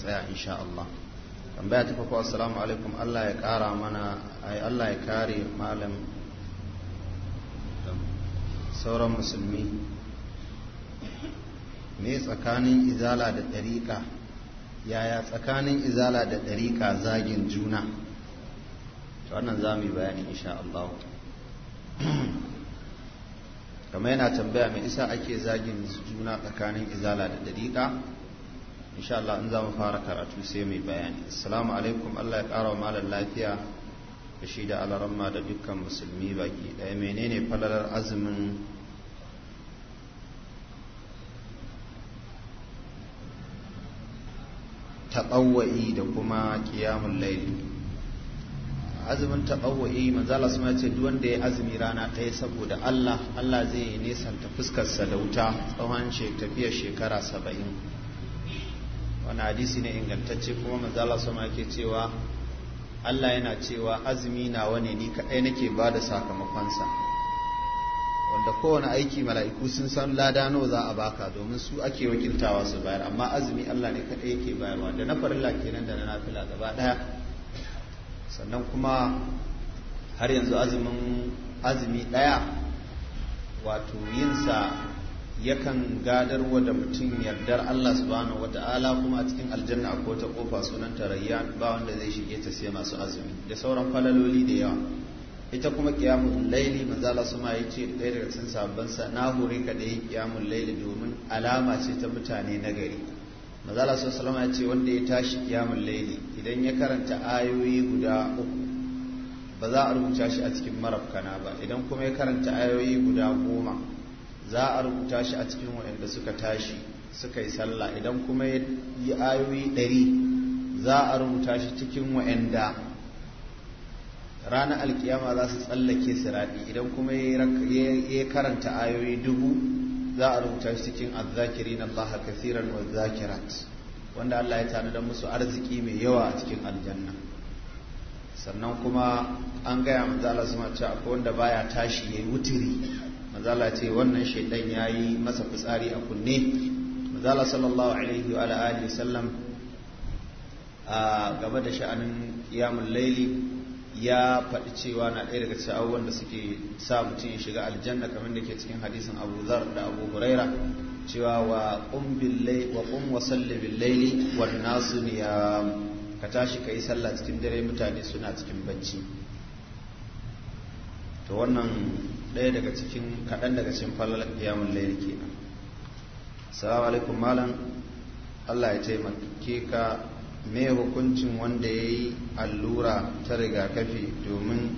tsaya insha Allah tambaya ta farko assalamu alaikum Allah ya kara mana ai Allah ya kare malam sauran musulmi me tsakanin izala da dariƙa, yaya tsakanin izala da dariƙa zagin juna to wannan za mu yi bayani insha Allah kamar yana tambaya mai isa ake zagin juna tsakanin izala da dariƙa? insha Allah in za mu fara karatu sai mai bayani assalamu alaikum Allah ya ƙara wa malam lafiya da shi da alaramma da dukkan musulmi baki ɗaya menene falalar azumin taɓawa'i da kuma ƙiyamun laili azumin taɓawa'i manzala suna ce duk wanda ya azumi rana ɗaya saboda Allah Allah zai nesanta fuskarsa da wuta tsawon tafiyar shekara saba'in wani hadisi ne ingantacce kuma manzala sama yake cewa Allah yana cewa azumi na wane ni kaɗai nake ba da sakamakonsa wanda kowane aiki mala'iku sun san lada nawa za a baka domin su ake wakiltawa su bayar amma azumi Allah ne kaɗai yake bayarwa da na farilla kenan da na nafila gaba ɗaya sannan kuma har yanzu azumin azumi ɗaya wato yinsa yakan gadarwa da mutum yardar Allah subhanahu Ta'ala kuma a cikin aljanna akwai ta kofa sunan tarayya ba wanda zai shige ta sai masu azumi da sauran falaloli da yawa ita kuma qiyamul laili manzo Allah suma yace ɗaya daga cikin sabban sa na hore ka da yin qiyamul laili domin alama ce ta mutane na gari manzo Allah sallallahu alaihi wanda ya tashi qiyamul laili idan ya karanta ayoyi guda uku ba za a rubuta shi a cikin marafkana ba idan kuma ya karanta ayoyi guda goma za a rubuta shi a cikin waɗanda suka tashi suka yi sallah idan kuma yi ayoyi ɗari za a rubuta shi cikin waɗanda ranar alkiyama za su tsallake siraɗi idan kuma ya karanta ayoyi dubu za a rubuta shi cikin azzakiri na baha kasiran wa zakirat wanda Allah ya tanadar musu arziki mai yawa a cikin aljanna sannan kuma an gaya manzo Allah su ma cewa akwai wanda baya tashi yayi wutiri mazala ce wannan shaidan ya yi masa fitsari a kunne mazala sallallahu alaihi wa alihi sallam a gaba da sha'anin yamun laili ya faɗi cewa na ɗaya daga cikin abubuwan da suke sa mutum ya shiga aljanna kamar da ke cikin hadisin abu zar da abu huraira cewa wa ƙun billahi wa qum wa billaili ya ka tashi ka yi sallah cikin dare mutane suna cikin bacci to wannan ɗaya daga cikin kaɗan daga cikin falal kiyamun ke nan salamu alaikum malam allah ya taimake ka me hukuncin wanda ya yi allura ta rigakafi domin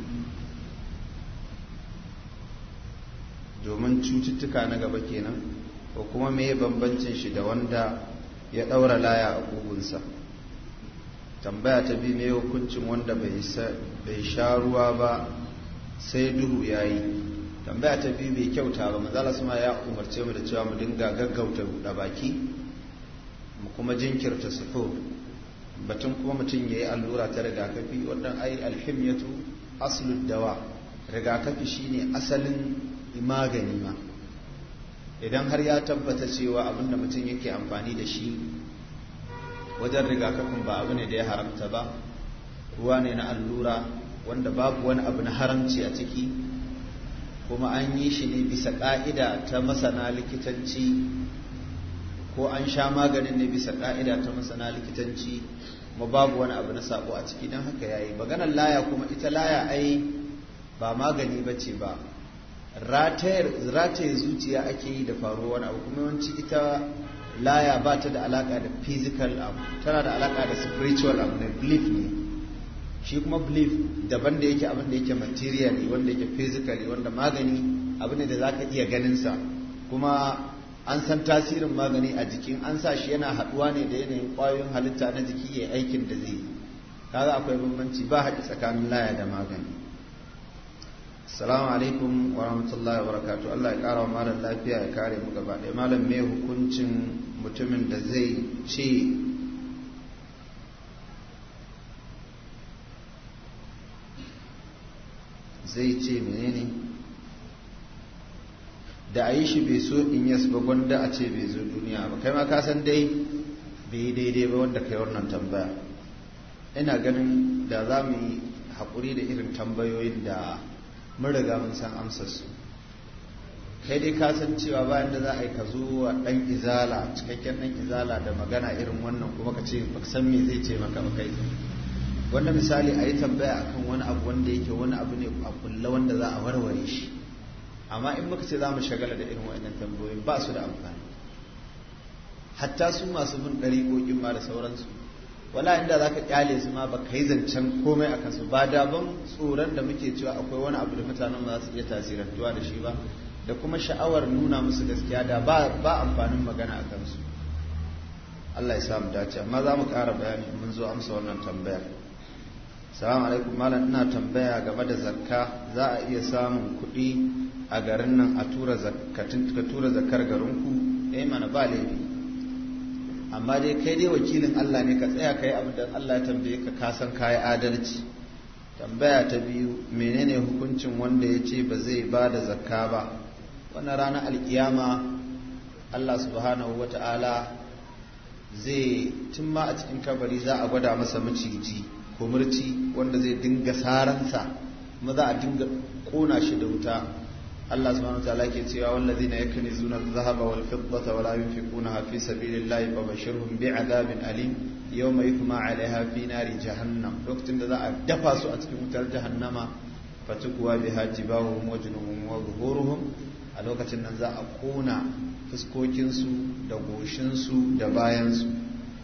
domin cututtuka na gaba kenan ko kuma me bambancin shi da wanda ya ɗaura laya a ƙugunsa tambaya ta bi me hukuncin wanda bai sha ruwa ba sai duhu ya yi tambaya ta biyu bai kyauta ba manzala suma ya umarce mu da cewa mu dinga gaggauta buɗe baki mu kuma jinkirta ko batun kuma mutum ya yi allura ta rigakafi wannan ai alhimyatu aslud dawa rigakafi shine asalin magani ma idan har ya tabbata cewa abin da mutum yake amfani da shi wajen rigakafin ba abu ne da ya haramta ba ruwa ne na allura wanda babu wani abu na haramci a ciki kuma an yi shi ne bisa ƙa'ida ta masana likitanci ko an sha maganin ne bisa ƙa'ida ta masana likitanci ma babu wani abu na sabo a ciki don haka yayi maganar laya kuma ita laya ai ba magani ba ce ba rataye zuciya ake yi da faruwa wani abu kuma yawanci ita laya ba ta da alaka da physical abu tana da alaka da spiritual abu na belief ne shi kuma belief daban da yake abin da yake materially wanda yake physically wanda magani abin da za ka iya ganin sa kuma an san tasirin magani a jikin an sa shi yana haɗuwa ne da yanayin kwayoyin halitta na jiki yayin aikin da zai yi kaga akwai bambanci ba haɗi tsakanin laya da magani assalamu alaikum wa rahmatullahi wa barakatu Allah ya kara wa malam lafiya ya kare mu gaba ɗaya malam mai hukuncin mutumin da zai ce zai ce menene da a yi shi bai so in yas ba gwanda a ce bai zo duniya ba kai ma ka san dai bai yi daidai ba wanda kai wannan tambaya ina ganin da za mu yi haƙuri da irin tambayoyin da mun riga mun san amsar su kai dai ka san cewa bayan da za a yi ka zo wa ɗan izala cikakken ɗan izala da magana irin wannan kuma ka ce ba san me zai ce maka ba kai wanda misali a yi tambaya a kan wani abu wanda yake wani abu ne a kulla wanda za a warware shi amma in muka ce za mu shagala da irin wa'annan tambayoyin ba su da amfani hatta su masu bin ƙoƙin ma da sauransu wala inda za ka ƙyale su ma ba ka yi zancen komai a kansu ba ban tsoron da muke cewa akwai wani abu da mutanen za su iya tasirantuwa da shi ba da kuma sha'awar nuna musu gaskiya da ba amfanin magana a kansu Allah ya samu dace amma za mu ƙara bayani mun zo amsa wannan tambayar salamu alaikum malam ina tambaya game da zakka za a iya samun kuɗi a garin nan a tura zakar ku eh mana ba laifi amma dai kai dai wakilin Allah ne ka tsaya kai abin da Allah ya tambaye ka ka san kai adalci tambaya ta biyu menene hukuncin wanda ya ce ba zai ba da zakka ba wannan ranar alkiyama Allah subhanahu wa zai tun ma a cikin kabari za a gwada masa maciji kumurci wanda zai dinga saransa kuma za a dinga kona shi da wuta Allah subhanahu wataala ke cewa wallazina yakunizuna adh-dhahaba wal fiddata wa la yunfiqunaha fi sabilillahi fabashirhum bi'adabin alim yawma yuhma 'alayha fi nari jahannam lokacin da za a dafa su a cikin wutar jahannama fatukwa biha jibahum wa junubuhum wa zuhuruhum a lokacin nan za a kona fuskokinsu da goshinsu da bayansu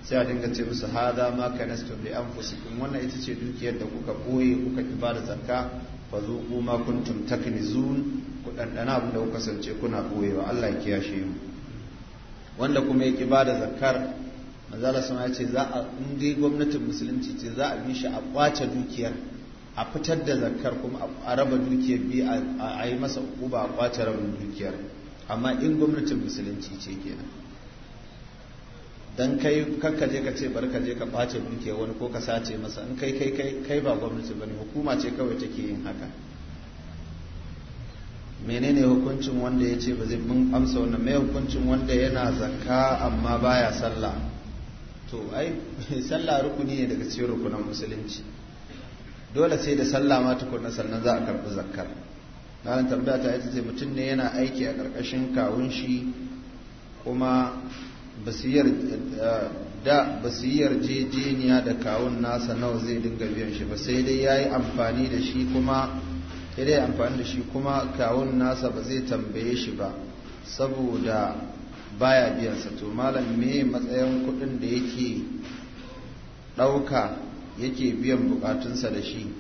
sai a dinga ce musu hada ma kanastum li anfusikum wannan ita ce dukiyar da kuka boye kuka ki ba da zakka fa zuqu ma kuntum taknizun ku ɗanɗana abin da kuka kasance kuna boyewa Allah ya kiyashe mu wanda kuma ya ki ba da zakkar manzala sama ya ce za a in dai gwamnatin musulunci ce za a bi shi a kwace dukiyar a fitar da zakkar kuma a raba dukiyar bi a yi masa uba a kwace rabin dukiyar amma in gwamnatin musulunci ce kenan dan kai kakka je ka ce bari ka je ka kwace dukiya wani ko ka sace masa in kai kai kai kai ba gwamnati bane hukuma ce kawai take yin haka menene hukuncin wanda yace ce ba zai mun amsa wannan me hukuncin wanda yana zakka amma baya sallah to ai sallah rukuni ne daga cikin rukunan musulunci dole sai da sallah ma tukunna sannan za a karɓi zakkar na tambaya ta ita ce mutum ne yana aiki a ƙarƙashin kawun shi kuma Eh, da basu yi yarjejeniya da kawun nasa nawa zai dinga biyan shi ba sai dai ya yi amfani da shi kuma dai amfani da shi kuma kawun nasa ba zai tambaye shi ba saboda baya biyansa to malam me matsayin kudin da yake ɗauka yake biyan bukatunsa da shi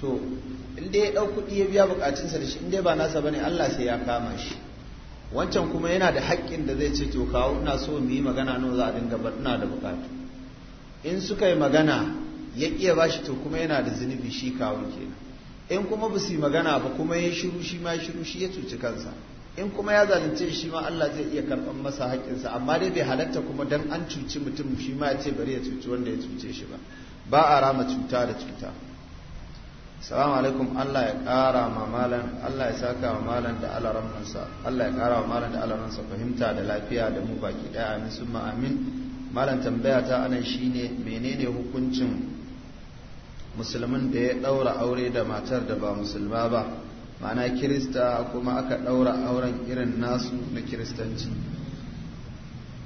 to in dai ya ɗau kuɗi ya biya sa da shi in dai ba nasa bane Allah sai ya kama shi wancan kuma yana da haƙƙin da zai ce to kawo ina so mu yi magana nawa za a dinga ba ina da bukatu in suka yi magana ya iya bashi to kuma yana da zunubi shi kawo kenan in kuma ba su yi magana ba kuma ya shiru shi ma shiru shi ya cuci kansa in kuma ya zalunce shi ma Allah zai iya karɓar masa haƙƙinsa amma dai bai halatta kuma dan an cuci mutum shi ma ya ce bari ya cuci wanda ya cuce shi ba ba a rama cuta da cuta salamu alaikum Allah ya kara ma malam Allah ya saka wa malam da alaransa Allah ya kara wa malam da alaransa fahimta da lafiya da mu baki daya amin summa amin malan tambaya ta anan shine menene hukuncin musulmin da ya daura aure da matar da ba musulma ba ma'ana kirista kuma aka daura auren irin nasu na kiristanci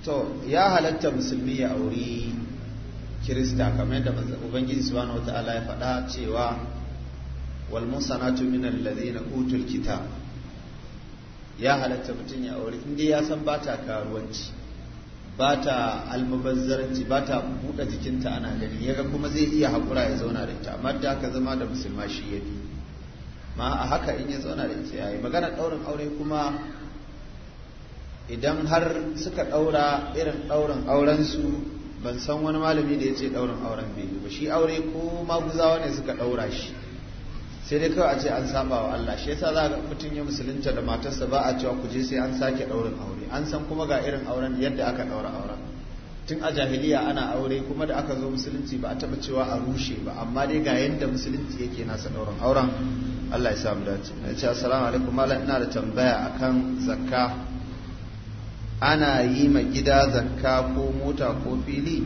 to ya halatta musulmi ya aure kirista kamar yadda ubangiji subhanahu wataala ya faɗa cewa wal musanatu min alladhina utul kitab ya halatta mutum ya aure inda ya san ba ta karuwanci ba ta almubazzaranci ba ta buɗe jikinta ana gani yaga kuma zai iya haƙura ya zauna da ita amma da aka zama da musulma shi ya bi. ma a haka in ya zauna da ita yayi magana ɗaurin aure kuma idan har suka ɗaura irin ɗaurin aurensu ban san wani malami da ya ce ɗaurin auren bai ba shi aure ko guzawa ne suka ɗaura shi sai dai kawai a ce an saba wa Allah shi yasa za ga mutum ya musulunta da matarsa ba a cewa ku je sai an sake ɗaurin aure an san kuma ga irin auren yadda aka ɗaura auren tun a jahiliya ana aure kuma da aka zo musulunci ba a taɓa cewa a rushe ba amma dai ga yadda musulunci yake nasa ɗaurin auren Allah ya sa mu dace na ce assalamu alaikum malam ina da tambaya akan zakka ana yi ma gida zakka ko mota ko fili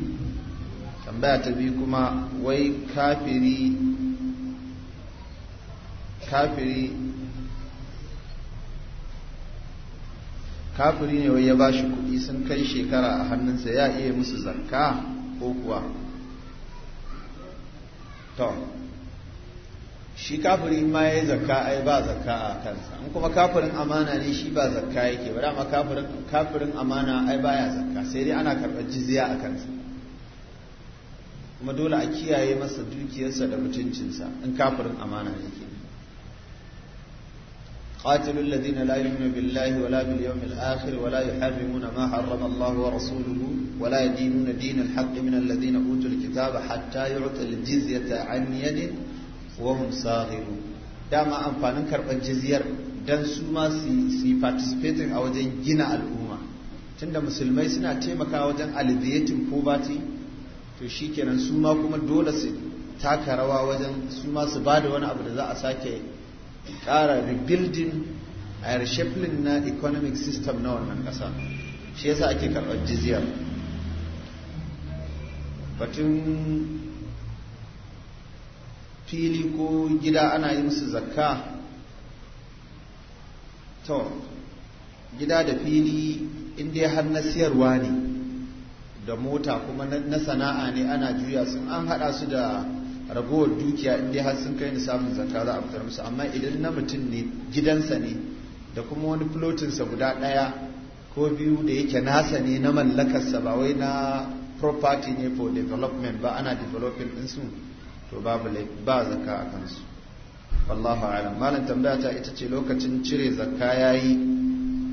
tambaya ta biyu kuma wai kafiri kafiri kafiri ne wai ya ba shi kuɗi sun kai shekara a hannunsa ya iya musu zakka ko kuwa to shi kafiri ma ya yi zakka ai ba zakka a kansa in kuma kafirin amana ne shi ba zakka yake ba dama kafirin amana ai ba ya zakka sai dai ana karɓar jizya a kansa kuma dole a kiyaye masa dukiyarsa da mutuncinsa in kafirin amana ne قاتلوا الذين لا يؤمنون بالله ولا باليوم الآخر ولا يحرمون ما حرم الله ورسوله ولا يدينون دين الحق من الذين أوتوا الكتاب حتى يعطى الجزية عن يد وهم صاغرون داما أنفانن كربان الجزية dan su ma su yi participating a wajen gina al'umma tunda musulmai suna taimakawa wajen alleviating poverty to shikenan su ma kuma dole su taka rawa wajen su ma su bada wani abu da za a sake ƙara rebuilding a reshapling na economic system na wannan ƙasa shi yasa ake karɓar jiziyar. batun fili ko gida ana yi musu zakka to gida da fili inda har na siyarwa ne da mota kuma na sana'a ne ana juya sun an haɗa su da ragowar dukiya in dai har sun kai ni samun zakka za a fitar musu amma idan na mutum ne gidansa ne da kuma wani filotinsa guda ɗaya ko biyu da yake nasa ne na mallakarsa ba wai na property ne for development ba ana developing su to babu ba zakka a kansu wallahu alam malam tambaya ta ita ce lokacin cire zakka yayi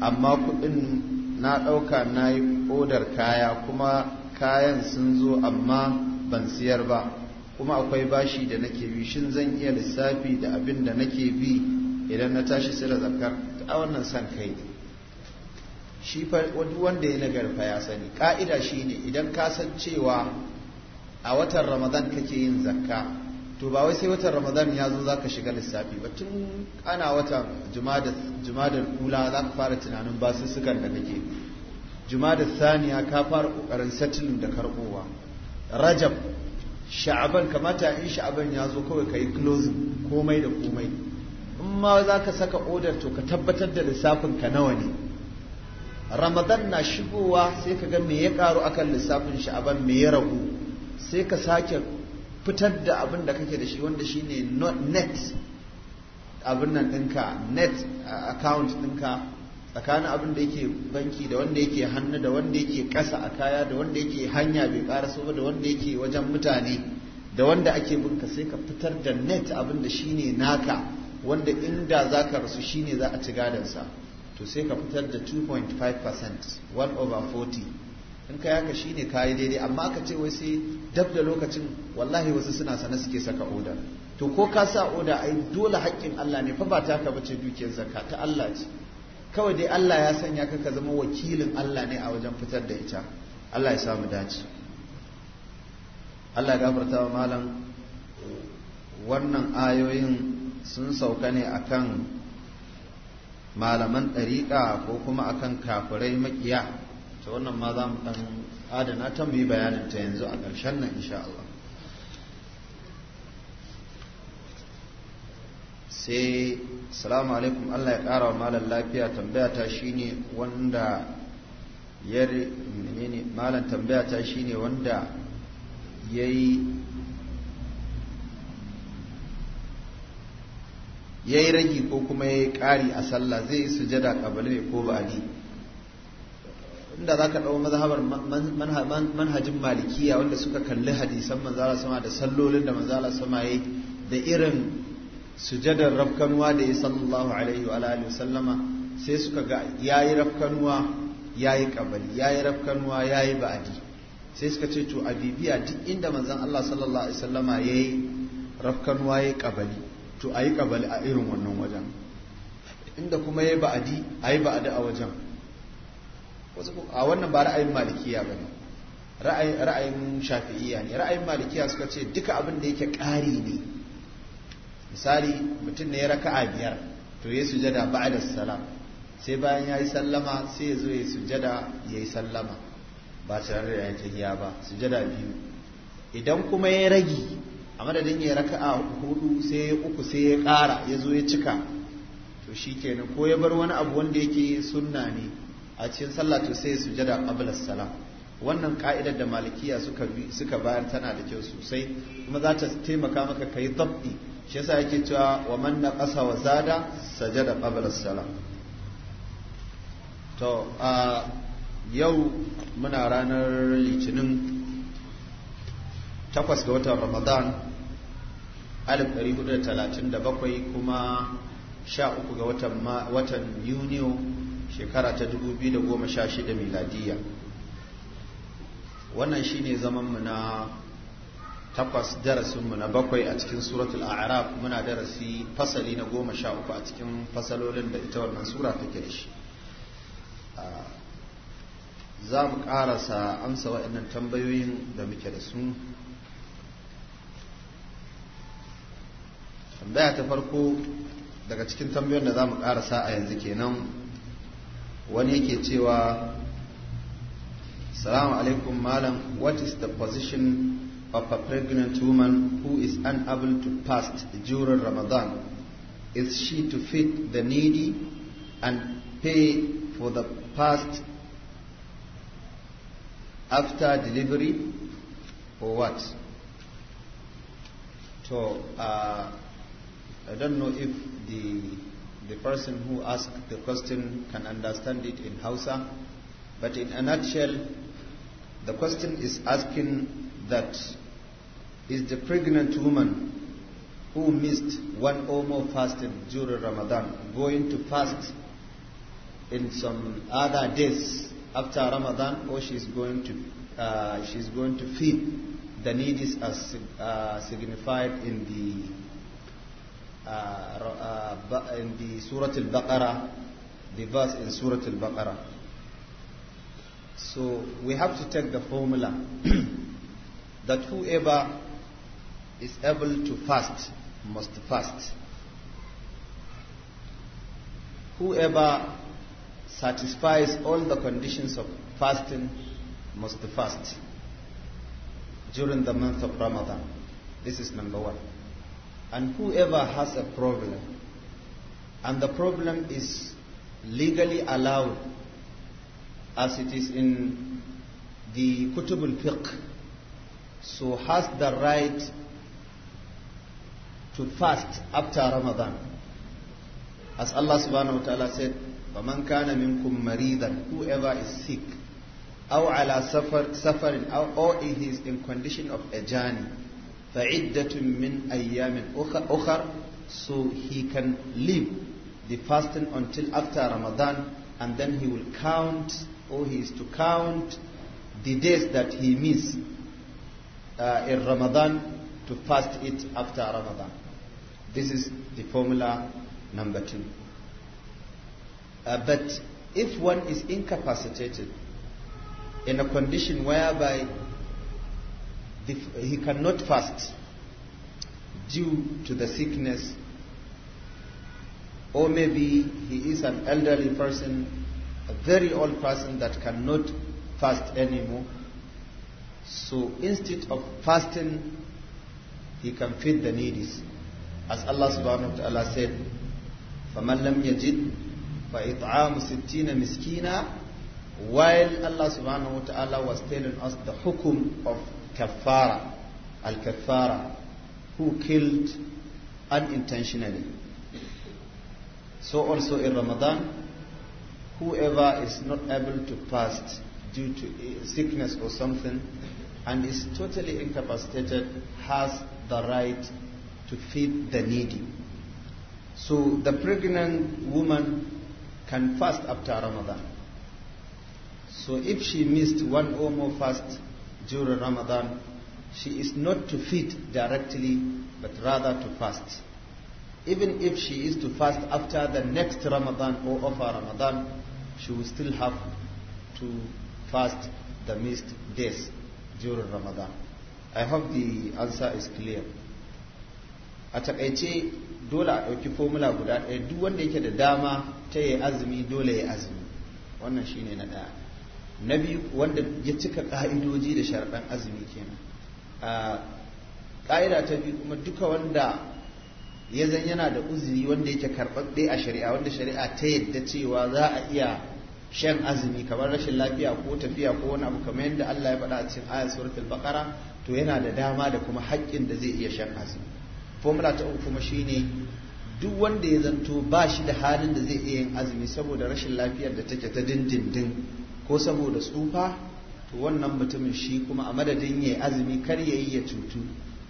amma kuɗin na ɗauka na yi odar kaya kuma kayan sun zo amma ban siyar ba kuma akwai bashi da nake bi shin zan iya lissafi da abin da nake bi idan na tashi sira zakar a wannan san kai ne shi wanda ya nagarfa ya sani ka'ida shi ne idan ka san cewa a watan ramadan kake yin zakka to ba wai sai watan ramadan ya zo za ka shiga lissafi ba tun ana watan jumadar kula za ka fara tunanin basussukan da kake jumadar saniya ka fara kokarin satilin da karɓowa. rajab sha'aban kamata in sha'aban ya zo kawai ka yi closing komai da komai in ma za ka saka odar to ka tabbatar da lissafin ka nawa ne ramadan na shigowa sai ka ga me ya karu akan lissafin sha'aban me ya ragu sai ka sake fitar da abin da kake da shi wanda shine net abin nan ɗinka net account ɗinka tsakanin abin da yake banki da wanda yake hannu da wanda yake kasa a kaya da wanda yake hanya bai ƙara ba da wanda yake wajen mutane da wanda ake binka sai ka fitar da net abin da shi ne naka wanda inda za ka rasu shi ne za a ci gadansa to sai ka fitar da 2.5% 1 over 40 in ka yaka shine ne kayi daidai amma aka ce wai sai dab da lokacin wallahi wasu suna sana suke saka oda to ko ka sa oda ai dole haƙƙin Allah ne fa ba taka bace dukiyar zakka ta Allah ce kawai dai Allah ya sanya ka zama wakilin Allah ne a wajen fitar da ita Allah ya samu dace Allah ya gafarta wa malam wannan ayoyin sun sauka ne akan malaman ɗariƙa ko kuma akan kafirai makiya ta wannan ma za mu ɗan adana ta bayanin ta yanzu a ƙarshen nan insha Allah sai salamu alaikum Allah ya kara wa malam lafiya tambaya ta ne wanda ya menene malam tambaya ta ne wanda yayi yi ragi ko kuma ya yi ƙari a sallah zai yi sujada kabali ko ba ne inda za ka ɗau mazhabar manhajin malikiya wanda suka kalli hadisan manzala sama da sallolin da manzala sama yi da irin sujadar rafkanuwa da ya sallallahu alaihi wa alihi sallama sai suka ga yayi rafkanuwa yayi kabali yayi rafkanuwa yayi ba'adi sai suka ce to a bibiya duk inda manzon Allah sallallahu alaihi sallama yayi rafkanuwa yayi kabali to ayi kabali a irin wannan wajen inda kuma yayi ba'adi ayi ba'adi a wajen a wannan ba ra'ayin malikiya bane ra'ayin shafi'iyya ne ra'ayin malikiya suka ce duka abin da yake ƙari ne misali mutum ne ya raka a biyar to ya sujada ba da salam sai bayan ya yi sallama sai ya zo ya sujada ya yi sallama ba tare da ya tahiya ba sujada biyu idan kuma ya ragi a madadin ya a hudu sai ya uku sai ya ƙara ya zo ya cika to shi kenan ko ya bar wani abu wanda yake sunna ne a cikin sallah to sai ya sujada qabla salam wannan ka'idar da malikiya suka suka bayar tana da kyau sosai kuma za ta taimaka maka kai dabbi shi yasa yake cewa wa man naqasa wa zada sajada qabla salam to a yau muna ranar litinin takwas ga watan ramadan 1437 kuma 13 ga watan watan yuniyo shekara ta 2016 miladiya wannan shine zaman mu na takwas darasinmu na bakwai a cikin suratul a'raf muna darasi fasali na goma sha uku a cikin fasalolin da ita wannan sura take da shi za mu karasa amsa waɗannan tambayoyin da muke da su tambaya ta farko daga cikin tambayoyin da za mu karasa a yanzu kenan wani yake cewa salamu alaikum malam what is the position of a pregnant woman who is unable to fast during Ramadan? Is she to feed the needy and pay for the fast after delivery or what? So uh, I don't know if the the person who asked the question can understand it in Hausa, but in a nutshell, the question is asking that is the pregnant woman who missed one or more fasted during Ramadan, going to fast in some other days after Ramadan, or she's going to uh, she's going to feed the needy as uh, uh, signified in the uh, uh in the Surah Al-Baqarah, the verse in Surah Al-Baqarah. So we have to take the formula that whoever is able to fast must fast. Whoever satisfies all the conditions of fasting must fast during the month of Ramadan. This is number one. And whoever has a problem, and the problem is legally allowed as it is in the Kutubul Fiqh, so has the right to fast after Ramadan. As Allah subhanahu wa ta'ala said, فَمَنْ كَانَ مِنْكُمْ مَرِيضًا Whoever is sick, أو ala سفر suffering أو or he is in condition of a journey فعدة من أيام أخر so he can leave the fasting until after Ramadan and then he will count or he is to count the days that he missed uh, in Ramadan to fast it after Ramadan. This is the formula number two. Uh, but if one is incapacitated in a condition whereby the, he cannot fast due to the sickness, or maybe he is an elderly person, a very old person that cannot fast anymore. So instead of fasting He can feed the needy. As Allah subhanahu wa ta'ala said, فَمَنْ لَمْ يَجِدْ فَإِطْعَامُ سِتِّينَ While Allah subhanahu wa ta'ala was telling us the hukum of kafara, al-kafara, who killed unintentionally. So also in Ramadan, whoever is not able to fast due to sickness or something and is totally incapacitated has the right to feed the needy. So the pregnant woman can fast after Ramadan. So if she missed one or more fast during Ramadan, she is not to feed directly, but rather to fast. Even if she is to fast after the next Ramadan or after Ramadan, she will still have to fast the missed days during Ramadan. i hope the answer is clear a takaice dole a ɗauki formula guda ɗaya duk wanda yake da dama ta yi azumi dole ya azumi wannan shi ne na ɗaya na biyu wanda ya cika ƙa'idoji da sharɗan azumi kenan ƙa'ida ta biyu kuma duka wanda ya zan yana da uzuri wanda yake karɓaɓɓe a shari'a wanda shari'a ta yadda cewa za a iya shan azumi kamar rashin lafiya ko tafiya ko wani abu kamar yadda Allah ya faɗa a cikin ayat suratul baqara to yana da dama da kuma haƙƙin da zai iya shan azumi formula ta uku kuma shine duk wanda ya zanto ba shi da halin da zai iya yin azumi saboda rashin lafiyar da take ta dindindin ko saboda tsufa to wannan mutumin shi kuma a madadin yayi azumi kar yayi ya cutu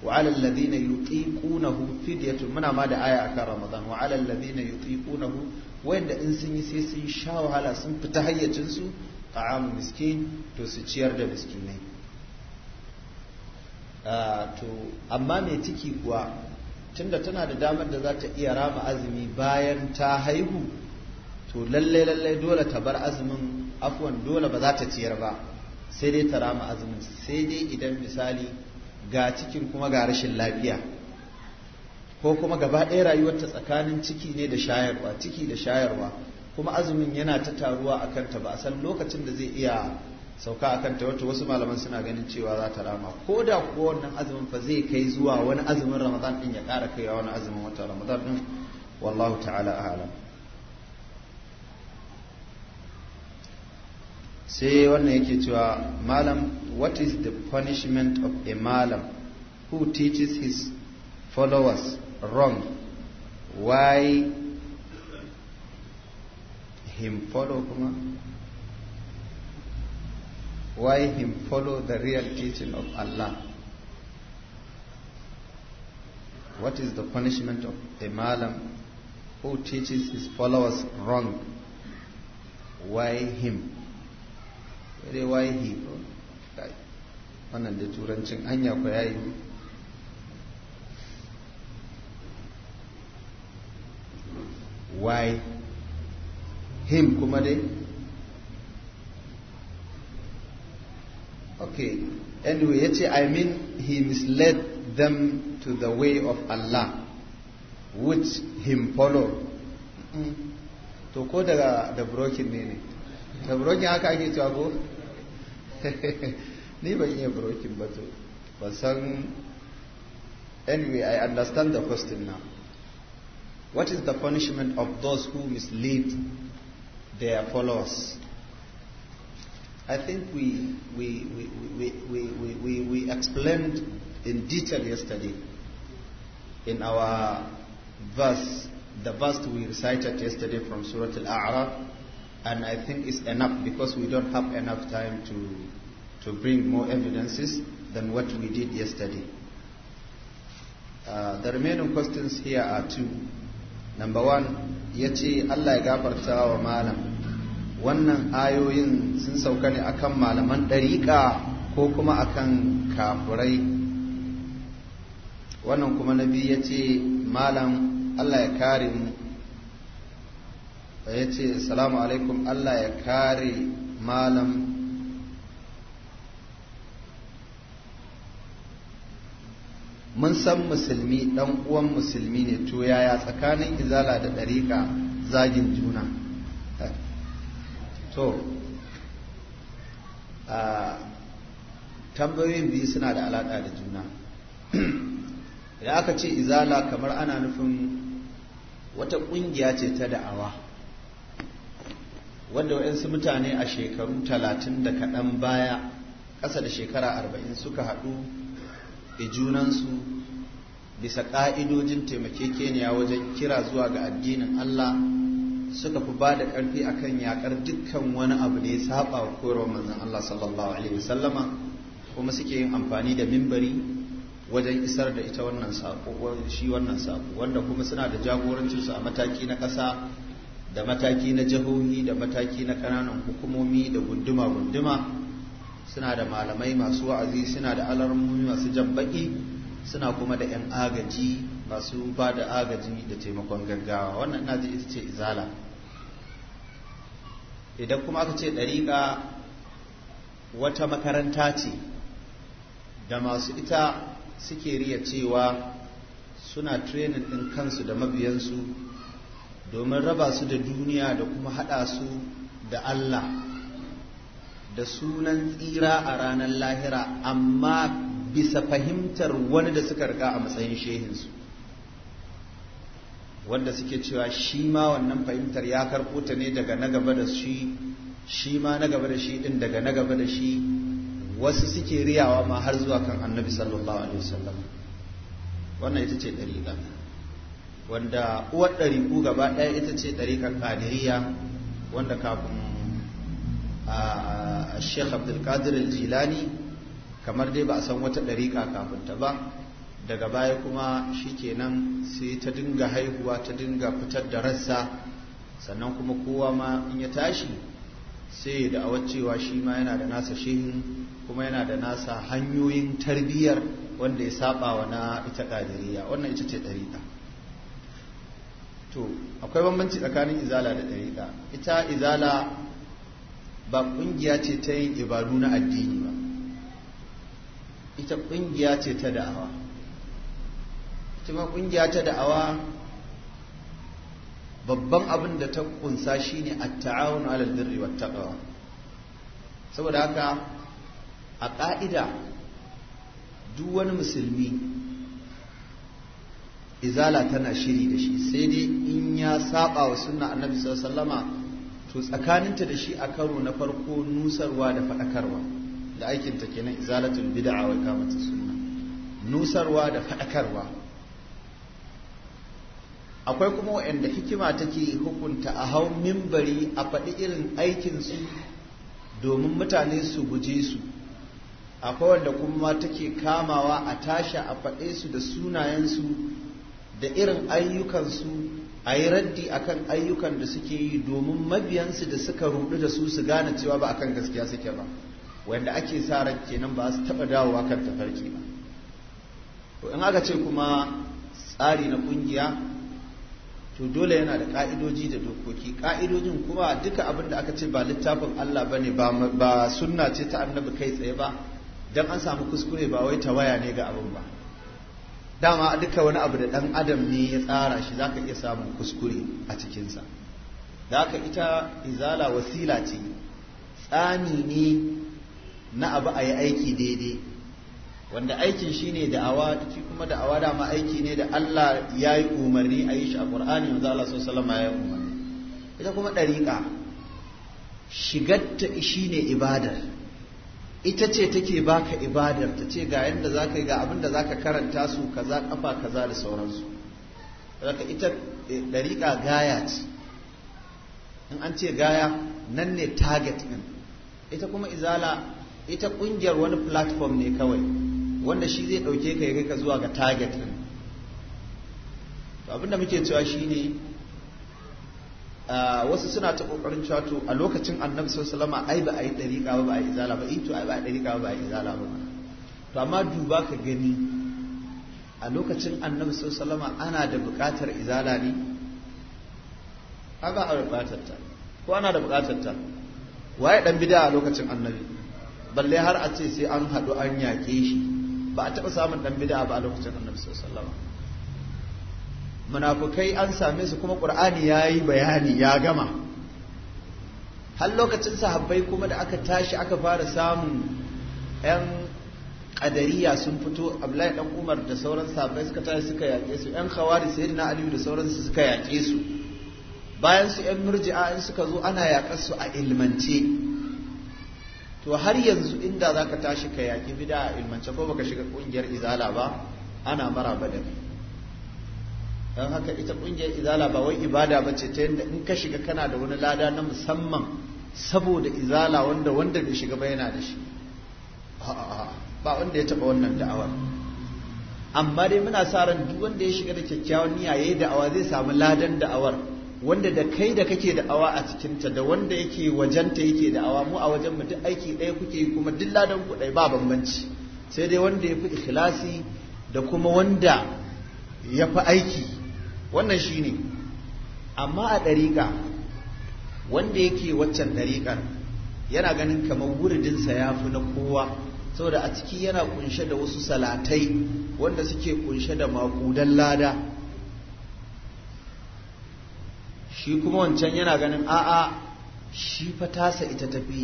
wa alal ladina yutiqunahu fidyatun muna ma da aya akan ramadan wa alal ladina yutiqunahu wanda in sun yi sai sun sha wahala sun fita hayyacin su ta'amu miskin to su ciyar da miskinai Ah, to amma mai ciki kuwa tunda tana da damar da za ta iya rama azumi bayan ta haihu to lallai lallai dole ta bar azumin afwan dole ba za ta ciyar ba sai dai ta rama azumin sai dai idan misali ga cikin kuma ga rashin lafiya ko kuma gaba ɗaya rayuwarta tsakanin ciki ne da shayarwa ciki da shayarwa kuma azumin yana ta taruwa a kanta ba a san lokacin da zai iya sauka akan kanta wata wasu malaman suna ganin cewa za ta rama ko da kuwa wannan azumin fa zai kai zuwa wani azumin ramadan din ya kara kaiwa wani azumin wata ramadan din wallahu ta'ala a'lam sai wannan yake cewa malam what is the punishment of a malam who teaches his followers wrong why him follow kuma why him follow the real teaching of Allah. What is the punishment of a malam who teaches his followers wrong? Why him? Very why he? Wannan da turancin hanya ku yayi why him kuma dai Okay. Anyway, I mean he misled them to the way of Allah which him follow. To ko daga da brokin ne ne. Da brokin haka ake cewa ko? Ni ban iya brokin ba to. Ban san Anyway, I understand the question now. What is the punishment of those who mislead their followers? I think we, we, we, we, we, we, we explained in detail yesterday in our verse, the verse we recited yesterday from Surah Al-A'raf, and I think it's enough because we don't have enough time to, to bring more evidences than what we did yesterday. Uh, the remaining questions here are two. Number one, yace Allah ya wa malam wannan ayoyin sun sauka ne akan malaman ɗariƙa ko kuma akan kafurai wannan kuma na biyu ya ce malam allah ya kare mu ya ce salamu alaikum allah ya kare malam mun san musulmi ɗan uwan musulmi ne to yaya tsakanin izala da ɗariƙa zagin juna to a tambayoyin biyu suna da alaƙa da juna idan aka ce izala kamar ana nufin wata ƙungiya ce ta da'awa wanda waɗansu mutane a shekaru talatin da kaɗan baya ƙasa da shekara arba'in suka haɗu da junansu bisa ƙa'idojin taimakekeniya wajen kira zuwa ga addinin Allah suka fi ba da ƙarfi a kan yaƙar dukkan wani abu da ya saba wa koyarwar manzan Allah sallallahu alaihi wasallama kuma suke yin amfani da mimbari wajen isar da ita wannan saƙo shi wannan saƙo wanda kuma suna da jagorancinsu a mataki na ƙasa da mataki na jihohi da mataki na ƙananan hukumomi da gunduma-gunduma suna da malamai masu wa'azi suna da alarmomi masu jan baƙi suna kuma da 'yan agaji masu ba da agaji da taimakon gaggawa wannan ina ji ita ce izala idan kuma aka ce ɗariƙa wata makaranta ce da masu ita suke riya cewa suna trenin ɗin kansu da mabiyansu domin raba su da duniya da kuma haɗa su da Allah da sunan tsira a ranar lahira amma bisa fahimtar wani da suka riga a matsayin shehinsu wanda suke cewa shi ma wannan fahimtar ya karɓo ta ne daga na gaba da shi shi ma na gaba da shi din daga na gaba da shi wasu suke riyawa ma har zuwa kan annabi sallallahu alaihi wasallam wannan ita ce ɗariƙa wanda uwar ɗariƙu gaba ɗaya ita ce ɗariƙar ƙadiriya wanda kafin a sheikh abdulkadir jilani kamar dai ba a san wata ɗariƙa kafin ta ba daga baya kuma shi kenan sai ta dinga haihuwa ta dinga fitar da rassa sannan kuma kowa ma in ya tashi sai da awar shi ma yana da nasa shehin kuma yana da nasa hanyoyin tarbiyyar wanda ya saba wa na ita ƙadiriya wannan ita ce ɗariƙa to akwai bambanci tsakanin izala da ɗariƙa ita izala ba ƙungiya ce ta yin ibadu na addini ba ita ƙungiya ce ta da'awa kuma kungiya ta da'awa babban abin da ta kunsa shine at-ta'awun 'ala al-birri saboda haka a ƙa'ida duk wani musulmi izala tana shiri da shi sai dai in ya saba wa sunna annabi sallama to tsakaninta da shi a karo na farko nusarwa da faɗakarwa da aikinta kenan izalatul bid'a wa kamata sunna nusarwa da faɗakarwa akwai kuma wa'anda hikima take hukunta a hau mimbari a faɗi irin aikinsu domin mutane su guje su akwai wanda kuma take kamawa a tasha a faɗe su da sunayensu da irin ayyukansu a yi raddi akan ayyukan da suke yi domin mabiyansu da suka rudu da su su gane cewa ba akan gaskiya suke ba wanda ake sa ran kenan ba su taɓa dawowa kan tafarki ba to in aka ce kuma tsari na ƙungiya to dole yana da ka'idoji da dokoki ka'idojin kuma duka abin da aka ce ba littafin Allah ne, ba sunna ce ta annabi kai tsaye ba dan an samu kuskure ba wai tawaya ne ga abin ba dama duka wani abu da dan adam ne ya tsara shi zaka iya samun kuskure a cikinsa da haka ita izala wasila ce tsani ne na abu a yi aiki daidai wanda aikin shine da'awa shi kuma da'awa dama aiki ne da Allah ya yi umarni a yi shi a ƙur'ani yanzu Allah sallallahu salama ya yi umarni ita kuma ɗariƙa shi ne ibadar ita ce take baka ibadar ta ce ga yadda ka yi ga abin da zaka karanta su kaza kafa kaza da sauransu zaka ita eh, ɗariƙa gaya in an ce gaya nan ne target ɗin ita kuma izala ita ƙungiyar wani platform ne kawai wanda shi zai ɗauke ka ya kai ka zuwa ga target ɗin abinda muke cewa shine wasu suna ta kokarin cewa to a lokacin annabi sallallahu alaihi ai ba a yi dariƙa ba ba a yi izala ba eh to ai ba a yi dariƙa ba ba a yi izala ba to amma duba ka gani a lokacin annabi sallallahu alaihi ana da buƙatar izala ne a ba a buƙatar ta ko ana da buƙatar ta waye dan bid'a a lokacin annabi balle har a ce sai an haɗu an yaƙe shi ba a taɓa samun ɗan bid'a ba a lokacin annabi sallallahu Sallama. munafukai an same su kuma ƙur'ani ya yi bayani ya gama har lokacin sahabbai kuma da aka tashi aka fara samun 'yan ƙadariya sun fito abdullahi dan umar da sauran sahabbai suka tashi suka yaƙe su 'yan khawari sayyidina aliyu da sauransu suka yaƙe su bayan su 'yan murji'a in suka zo ana yaƙar su a ilmance to har yanzu inda za ka tashi ka yaki bida a ilmance ko baka shiga kungiyar izala ba ana mara ba da don haka ita kungiyar izala ba wai ibada ba ce ta yadda in ka shiga kana da wani lada na musamman saboda izala wanda wanda bai shiga ba yana da shi ba wanda ya taba wannan da'awar amma dai muna sa ran duk wanda ya shiga da kyakkyawan niyya yayi da'awa zai samu ladan da'awar wanda da kai da kake da awa a cikinta da wanda yake wajenta yake da awa mu a wajen mu duk aiki ɗaya kuke yi kuma duk ladan ku ɗaya ba bambanci sai dai wanda ya fi ikhlasi da kuma wanda ya fi aiki wannan shine amma a ɗariƙa wanda yake waccan ɗariƙar yana ganin kamar wuridinsa ya fi na kowa saboda a ciki yana kunshe da wasu salatai wanda suke kunshe da maƙudan lada shi kuma wancan yana ganin a'a shi fa tasa ita tafi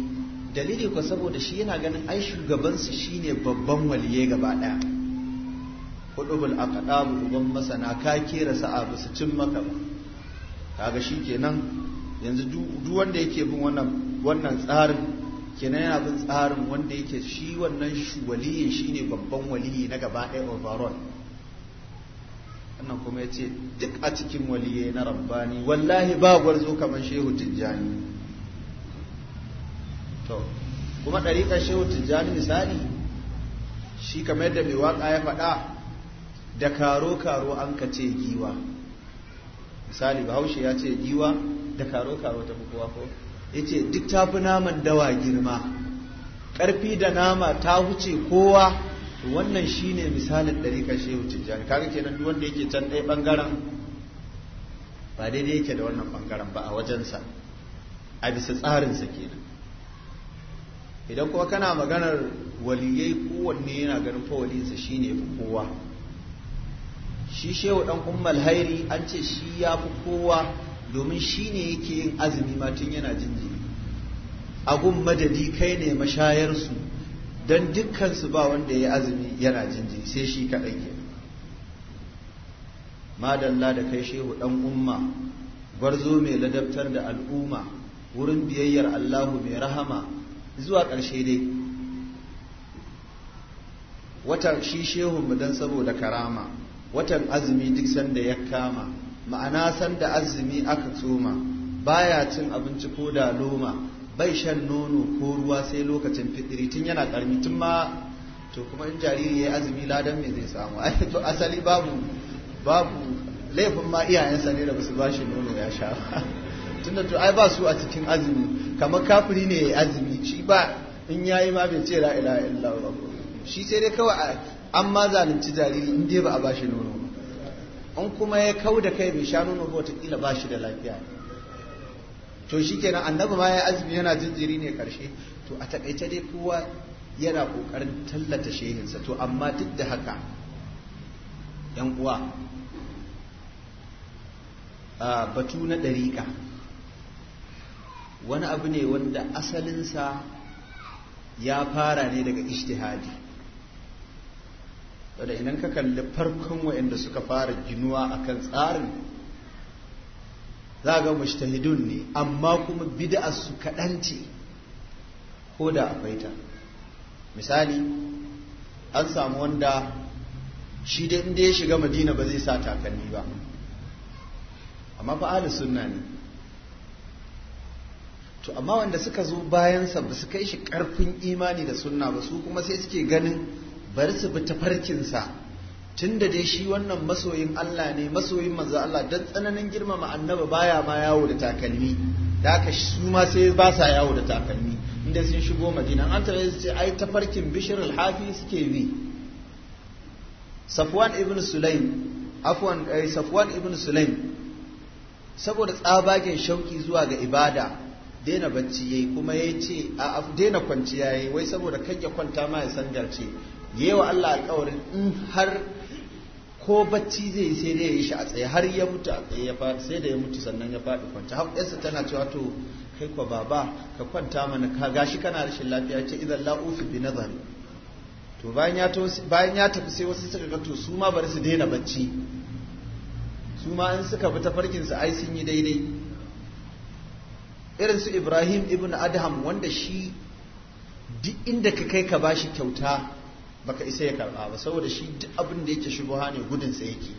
dalili ko saboda shi yana ganin ai shugabansu shine babban waliye gaba daya hudubul aqdamu uban masana ka kera sa'a ba su cin maka ba kaga shikenan yanzu duk wanda yake bin wannan wannan tsarin kenan yana bin tsarin wanda yake shi wannan shi waliyin shine babban waliyi na gaba daya overall wannan kuma ya ce duk a cikin waliye na rabbani wallahi ba zo kamar shehu tijjani to kuma ɗariƙar shehu tijjani misali shi kamar yadda mai waƙa ya faɗa da karo-karo an ka ce giwa misali bahaushe ya ce giwa da karo-karo ta bukuwa ko ya ce duk ta fi naman dawa girma ƙarfi da nama ta huce kowa wannan shine misalin ɗariƙar shehu tijjani kaga kenan duk wanda yake can ɗaya ɓangaren ba daidai yake da wannan ɓangaren ba a wajensa a bisa tsarinsa kenan idan kuma kana maganar waliyai kowanne yana ganin fa waliyinsa shine fi kowa shi shehu ɗan ummal hairi an ce shi ya fi kowa domin shi ne yake yin azumi ma tun yana jinjiri gun madadi kai ne mashayarsu don dukkansu ba wanda ya azumi yana jinjiri sai shi kaɗai ke madalla da kai shehu ɗan umma gwarzo mai ladabtar da al'umma wurin biyayyar allahu mai rahama zuwa ƙarshe dai watan shi mu don saboda karama watan azumi duk sanda ya kama ma'ana sanda azumi aka tsoma baya cin abinci ko da loma bai shan nono ko ruwa sai lokacin fitiri tun yana karmi tun ma to kuma in jariri ya azumi ladan me zai samu ai to asali babu babu laifin ma iyayensa ne da basu ba shi nono ya sha tunda to ai ba su a cikin azumi kamar kafiri ne ya azumi shi ba in yayi ma bai ce la ilaha illallah shi sai dai kawai an ma zalunci jariri in dai ba a ba shi nono in kuma ya kau da kai bai sha nono ba wataƙila ba shi da lafiya to shikenan annabi ma ya azumi yana jinjiri ne karshe to a takaice dai kowa yana kokarin tallata shehinsa to amma duk da haka yan uwa a batu na dariƙa wani abu ne wanda asalinsa ya fara ne daga ishtihadi wadda idan ka kalli farkon wa'anda suka fara ginuwa akan tsarin za ga mujtahidun ne amma kuma bid'a su kaɗan ce ko da akwai ta misali an samu wanda shi da inda ya shiga madina ba zai sa takalmi ba amma fa ahlus sunna ne to amma wanda suka zo bayansa ba su kai shi karfin imani da sunna ba su kuma sai suke ganin bari su bi tafarkinsa tun da dai shi wannan masoyin Allah ne masoyin manzo Allah dan tsananin girmama annaba baya ma yawo da takalmi da haka su ma sai ba sa yawo da takalmi inda sun shigo madina an tare su ce ai tafarkin bishir alhafi suke bi safwan ibn sulaim afwan ai eh, safwan ibn sulaim saboda tsabagen shauki zuwa ga ibada daina bacci yayi kuma ya ce a daina kwanciya yayi wai saboda kan ya kwanta ma ya sangarce yewa Allah alƙawarin in har ko bacci zai yi sai dai ya yi shi a tsaye har ya mutu a tsaye ya faɗi sai da ya mutu sannan ya faɗi kwanta har ƙasa tana cewa to kai kwa baba ka kwanta mana ka gashi kana rashin lafiya ce idan la'ufi bi nazari to bayan ya tafi sai wasu suka ga to su ma bari su daina bacci su ma in suka bi tafarkin su ai sun yi daidai irin su Ibrahim ibn Adham wanda shi duk inda ka kai ka bashi kyauta baka isa ya karba ba saboda shi duk abin da yake shubuha ne gudun sa yake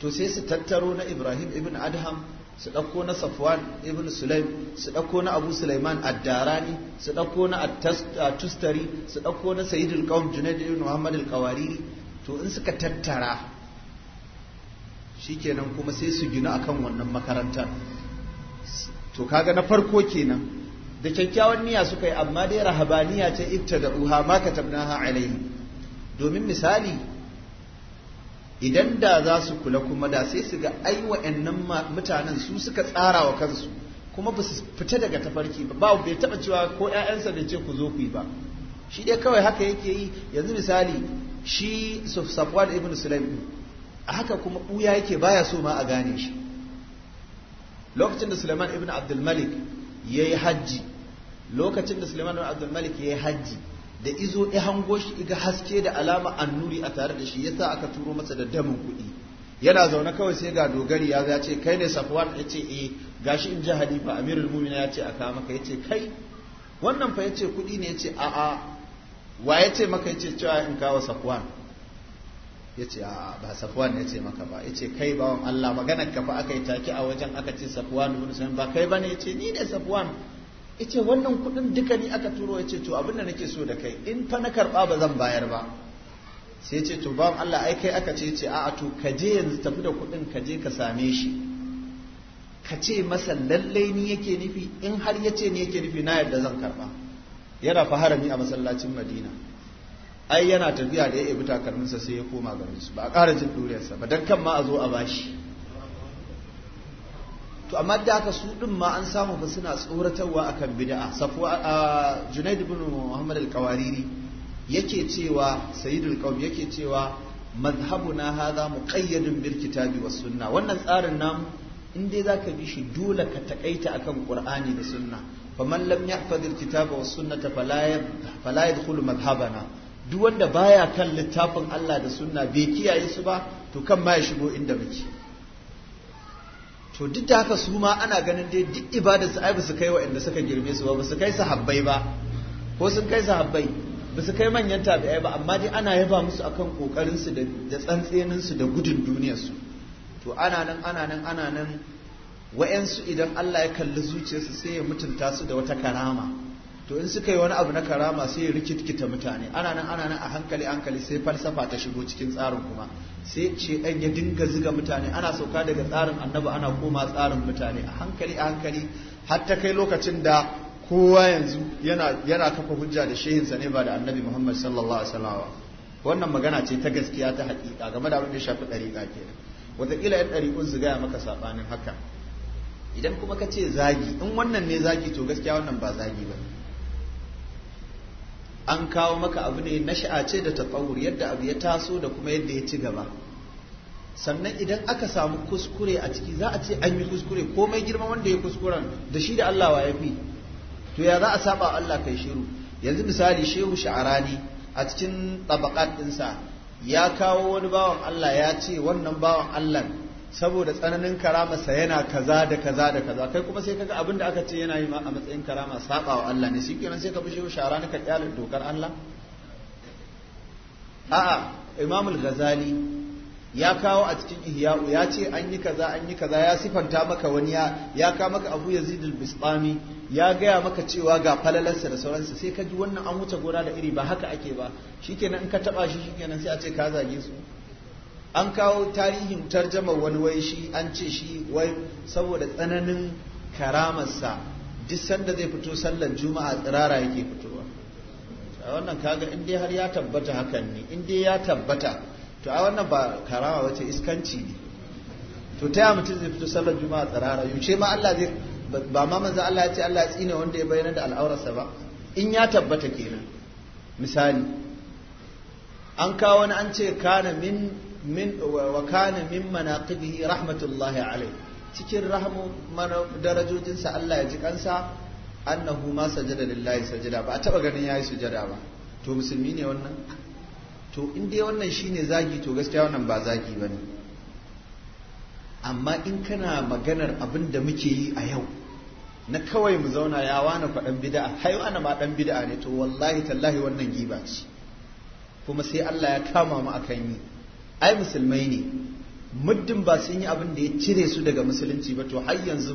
to sai su tattaro na Ibrahim ibn Adham su ɗauko na Safwan ibn Sulaim su ɗauko na Abu Sulaiman Ad-Darani su ɗauko na At-Tustari su ɗauko na Sayyidul qawm Junayd ibn Muhammad al-Qawariri to in suka tattara shikenan kuma sai su gina akan wannan makarantar to kaga na farko kenan da kyakkyawan niyya suka yi amma dai rahabaniya ce uha ma katabnaha alaihi domin misali idan da za su kula kuma da sai su ga ai wa'annan mutanen su suka tsara wa kansu kuma ba su fita daga tafarki ba ba bai taba cewa ko ƴaƴansa da ce ku zo ku yi ba shi dai kawai haka yake yi yanzu misali shi Safwan ibn Sulaim haka kuma buya yake baya so ma a gane shi lokacin da Sulaiman ibn AbdulMalik Malik yayi hajji lokacin da Sulaiman bin Abdul Malik yayi haji da izo ya hango shi iga haske da alama annuri a tare da shi yasa aka turo masa da damin kuɗi yana zaune kawai sai ga dogari ya ga ce kai ne Safwan ya ce eh gashi in ji Halifa Amirul Mu'minin ya ce aka maka ya ce kai wannan fa ya ce kuɗi ne ya ce a'a wa ya ce maka ya ce cewa in kawo Safwan ya ce a ba safwan ya ce maka ba ya ce kai bawan Allah maganar ka fa aka yi take a wajen aka ce safwan ibn sa'id ba kai bane ya ce ni ne safwan ce wannan kudin duka ni aka turo ce to abin da nake so da kai in fa na karba ba zan bayar ba sai ce to ba Allah ai kai aka ce ce a'a to ka je yanzu tafi da kudin ka je ka same shi ka ce masa lallai ni yake nufi in har ya ce ni yake nufi na yarda zan karba. yana harami a masallacin Madina ai yana tafiya da ya bi takalminsa sai ya koma garin su ba a kara jin duriyarsa ba dan kan ma a zo a bashi to amma da haka su din ma an samu fa suna tsoratarwa akan bid'a safwa Junaid ibn Muhammad al-Qawariri yake cewa sayyidul qaum yake cewa madhhabuna hadha muqayyadun bil kitabi was sunnah wannan tsarin namu in dai zaka bi shi dole ka takaita akan qur'ani da sunna faman lam yahfaz al kitaba was sunnata fala fala madhhabana duk wanda baya kan littafin Allah da sunna bai kiyaye su ba to kan ma ya shigo inda muke to duk da haka su ma ana ganin dai duk ibadar su ai su kai waɗanda suka girme su ba su kai sahabbai ba ko sun kai sahabbai ba su kai manyan tabi'ai ba amma dai ana yaba musu akan kokarin su da tsantsenin su da gudun duniyar su to ana nan ana nan ana nan wa'yansu idan Allah ya kalli zuciyarsu sai ya mutunta su da wata karama to in suka yi wani abu na karama sai rikitkita mutane ana nan ana nan a hankali hankali sai falsafa ta shigo cikin tsarin kuma sai ce ɗan ya dinga ziga mutane ana sauka daga tsarin annabi ana koma tsarin mutane a hankali a hankali har ta kai lokacin da kowa yanzu yana kafa hujja da shehinsa ne ba da annabi Muhammad sallallahu alaihi wasallam wannan magana ce ta gaskiya ta haƙiƙa game da abin da ya shafi ɗariƙa ke wataƙila yan ɗariƙun su gaya maka saɓanin haka idan kuma ka ce zagi in wannan ne zagi to gaskiya wannan ba zagi ba an kawo maka abu ne na sha'ace da tafawur yadda abu ya taso da kuma yadda ya ci gaba sannan idan aka samu kuskure a ciki za a ce an yi kuskure komai girma wanda ya kuskuren da shi da Allah wa ya fi to ya za a saba Allah kai shiru yanzu misali shehu sha'arani a cikin tabaqat ɗinsa ya kawo wani bawan Allah ya ce wannan bawan Allah saboda tsananin karamarsa yana kaza da kaza da kaza kai kuma sai kaga abin da aka ce yana yi a matsayin karama saba wa Allah ne shi kenan sai ka fushe shara na ka kyale dokar Allah a'a Imam al-Ghazali ya kawo a cikin Ihya'u ya ce an yi kaza an yi kaza ya sifanta maka wani ya ya ka maka Abu Yazid al ya gaya maka cewa ga falalarsa da sauransa sai ka ji wannan an wuce gona da iri ba haka ake ba shikenan in ka taba shi shikenan sai a ce ka zage su an kawo tarihin tarjama wani wai shi an ce shi wai saboda tsananin karamarsa duk sanda zai fito sallan juma'a tsirara yake fitowa a wannan kaga in dai har ya tabbata hakan ne in dai ya tabbata to a wannan ba karama wace iskanci ne to ta yaya mutum zai fito sallan juma'a tsirara yaushe ma Allah zai ba ma manzo Allah ya ce Allah ya tsine wanda ya bayyana da al'aurarsa ba in ya tabbata kenan misali an kawo wani an ce kana min min wa kana min manaqibihi rahmatullahi alayhi cikin rahmu darajojin sa Allah ya ji kansa annahu ma sajada lillahi sajada ba a taba ganin yayi sujada ba to musulmi ne wannan to in dai wannan shine zagi to gaskiya wannan ba zagi bane amma in kana maganar abin da muke yi a yau na kawai mu zauna ya wani faɗan bida'a hai ana ma ɗan bida'a ne to wallahi tallahi wannan giba ce kuma sai Allah ya kama mu akan yi ai musulmai ne muddin ba sun yi abin da ya cire su daga musulunci ba to har yanzu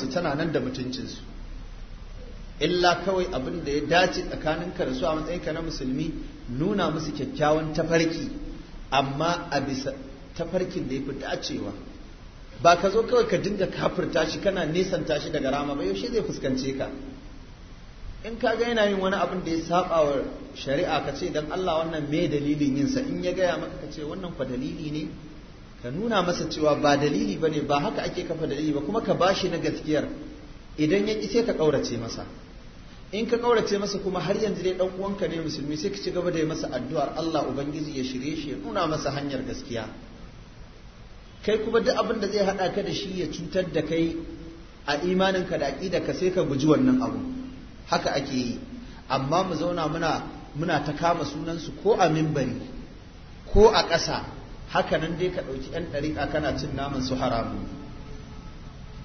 su tana nan da mutuncinsu illa kawai abin da ya dace tsakanin ka da su a matsayin ka na musulmi nuna musu kyakkyawan tafarki amma a bisa tafarkin da ya fi dacewa ba ka zo kawai ka dinga kafirta shi kana nesanta shi daga rama ba yaushe zai fuskance ka in ka ga yana yin wani abin da ya saba wa shari'a ka ce dan Allah wannan me dalilin yinsa in ya gaya maka ka ce wannan fa dalili ne ka nuna masa cewa ba dalili ba ne ba haka ake kafa dalili ba kuma ka bashi na gaskiyar idan ya ki ka kaurace masa in ka ƙaurace masa kuma har yanzu dai dan uwanka ne musulmi sai ka ci gaba da yi masa addu'ar Allah ubangiji ya shirye shi ya nuna masa hanyar gaskiya kai kuma duk abin da zai hada ka da shi ya cutar da kai a imaninka da aqida ka sai ka guji wannan abu haka ake yi amma mu zauna muna muna ta kama sunansu ko a mimbari ko a ƙasa haka nan dai ka ɗauki 'yan ɗariƙa kana cin naman su haramu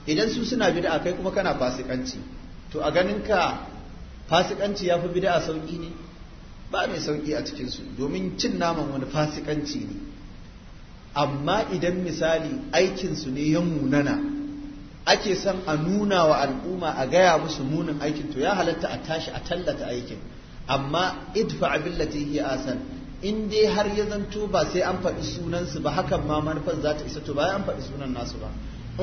idan su suna bid'a kai kuma kana fasikanci to a ganin ka fasikanci ya fi bid'a sauki ne ba mai sauƙi a cikinsu domin cin naman wani fasikanci ne amma idan misali aikinsu ne ya munana ake son a nuna wa al'umma a gaya musu munin aikin to ya halatta a tashi a tallata aikin amma idfa billati hi asan in dai har ya zanto ba sai an faɗi sunansu ba hakan ma manufar za ta isa to ba an faɗi sunan nasu ba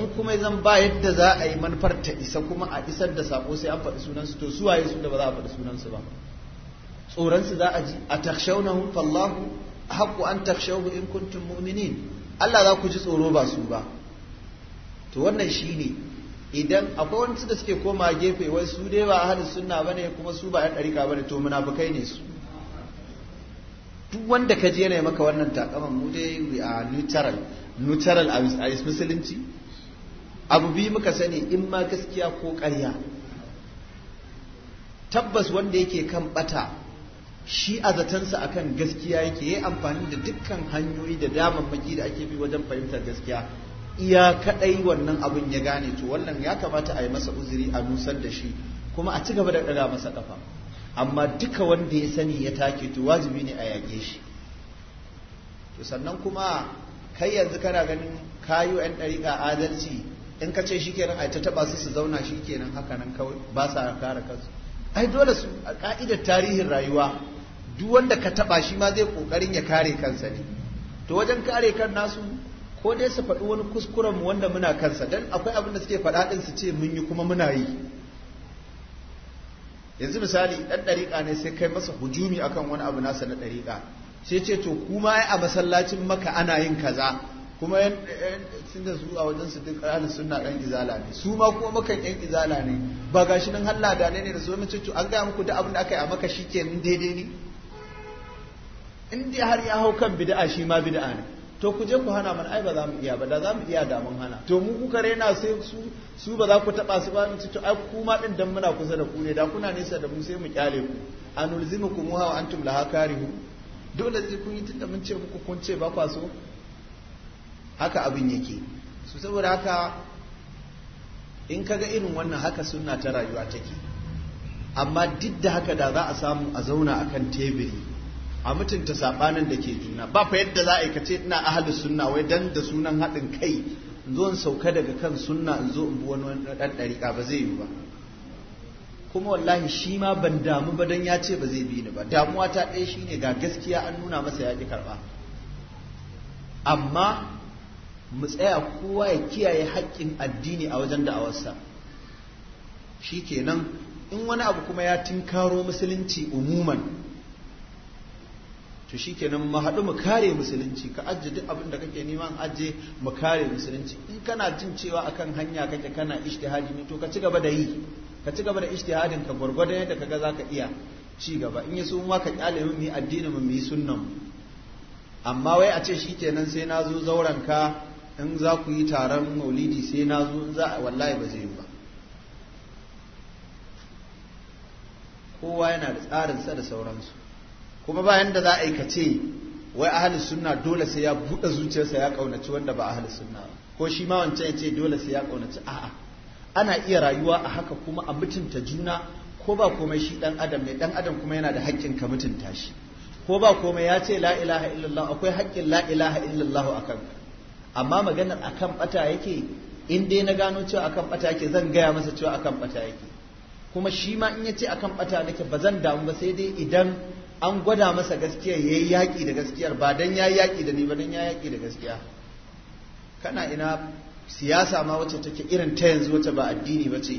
in kuma zan ba yadda za a yi manufar ta isa kuma a isar da sako sai an faɗi sunansu to su waye su da ba za a faɗi sunansu ba tsoronsu za a ji a takshaunahum fallahu haqqu an takshawhu in kuntum mu'minin Allah za ku ji tsoro ba su ba to wannan shi ne idan akwai wani da suke koma gefe wai su dai ba ahlus sunna bane kuma su ba yan dariƙa bane to munafukai ne su duk wanda ka je yana maka wannan takaman mu dai we are neutral neutral a musulunci abu biyu muka sani in ma gaskiya ko ƙarya tabbas wanda yake kan bata shi a zatansa akan gaskiya yake yi amfani da dukkan hanyoyi da damammaki da ake bi wajen fahimtar gaskiya iya kadai wannan abin ya gane to wannan ya kamata a yi masa uzuri a nusar da shi kuma a ci gaba da ɗaga masa kafa amma duka wanda ya sani ya take to wajibi ne a yage shi to sannan kuma kai yanzu kana ganin kayu yan dariƙa adalci in ka ce shi kenan a ta taɓa su su zauna shi kenan haka nan kawai ba sa kare kansu ai dole su a ka'idar tarihin rayuwa duk wanda ka taba shi ma zai ƙoƙarin ya kare kansa ne to wajen kare kan nasu ko dai su faɗi wani kuskuren mu wanda muna kansa dan akwai abin da suke faɗa din su ce mun yi kuma muna yi yanzu misali ɗan ɗariƙa ne sai kai masa hujumi akan wani abu nasa na ɗariƙa sai ce to kuma ai a masallacin maka ana yin kaza kuma yan sun da su wajen su duk ahli sunna dan izala ne su ma kuma makan ɗan izala ne ba gashi nan Allah da ne da su mun ce to an gaya muku da abin da aka yi a maka shikenan daidai ne in dai har ya hau kan bida'a shi ma bida'a ne to ku je ku hana mana ai ba za mu iya ba da za mu iya da mun hana to mu kuka rena sai su su ba za ku taba su ba mu to ai ku ma din dan muna kusa da ku ne da kuna nesa da mu sai mu kyale ku anulzimukum wa antum la hakarihu dole sai kun yi tunda mun ce muku kun ce ba kwa so haka abin yake su saboda haka in kaga irin wannan haka sunna ta rayuwa take amma duk da haka da za a samu a zauna akan tebiri a mutunta sabanin da ke juna ba fa yadda za a yi ina ahlus sunna wai dan da sunan haɗin kai in zo in sauka daga kan sunna in zo in bi wani dan ɗariƙa, ba zai yi ba kuma wallahi shi ma ban damu ba dan ya ce ba zai bi ni ba damuwa ta ɗaya shine ga gaskiya an nuna masa ya ƙi karɓa amma mu tsaya kowa ya kiyaye haƙƙin addini a wajen da'awarsa kenan in wani abu kuma ya tinkaro musulunci umuman to shikenan mu haɗu mu kare musulunci ka ajiye duk abin da kake nema an ajiye mu kare musulunci in kana jin cewa akan hanya kake kana ijtihadi ne to ka ci gaba da yi ka ci da ijtihadin ka gwargwadon yadda kaga zaka iya ci gaba in yaso ma ka kyale mu mu addinin mu mu sunnan amma wai a ce shikenan sai na zo zauren ka in za ku yi taron maulidi sai na zo in za wallahi ba zai yi ba kowa yana da tsarinsa da sauransu kuma bayan da za a yi kace wai ahli sunna dole sai ya buɗe zuciyarsa ya kaunaci wanda ba ahli sunna ba ko shi ma wancan ya ce dole sai ya ƙaunaci a'a ana iya rayuwa a haka kuma a mutunta juna ko ba komai shi dan adam ne dan adam kuma yana da haƙƙin ka mutunta shi ko ba komai ya ce la ilaha illallah akwai haƙƙin la ilaha illallah akan amma maganar akan bata yake in dai na gano cewa akan bata yake zan gaya masa cewa akan bata yake kuma shi ma in ya ce akan bata nake ba zan damu ba sai dai idan an gwada masa gaskiya ya yi yaƙi da gaskiyar ba dan ya yi yaƙi da ni ba dan ya yi yaƙi da gaskiya kana ina siyasa ma wacce take irin ta yanzu wacce ba addini ba ce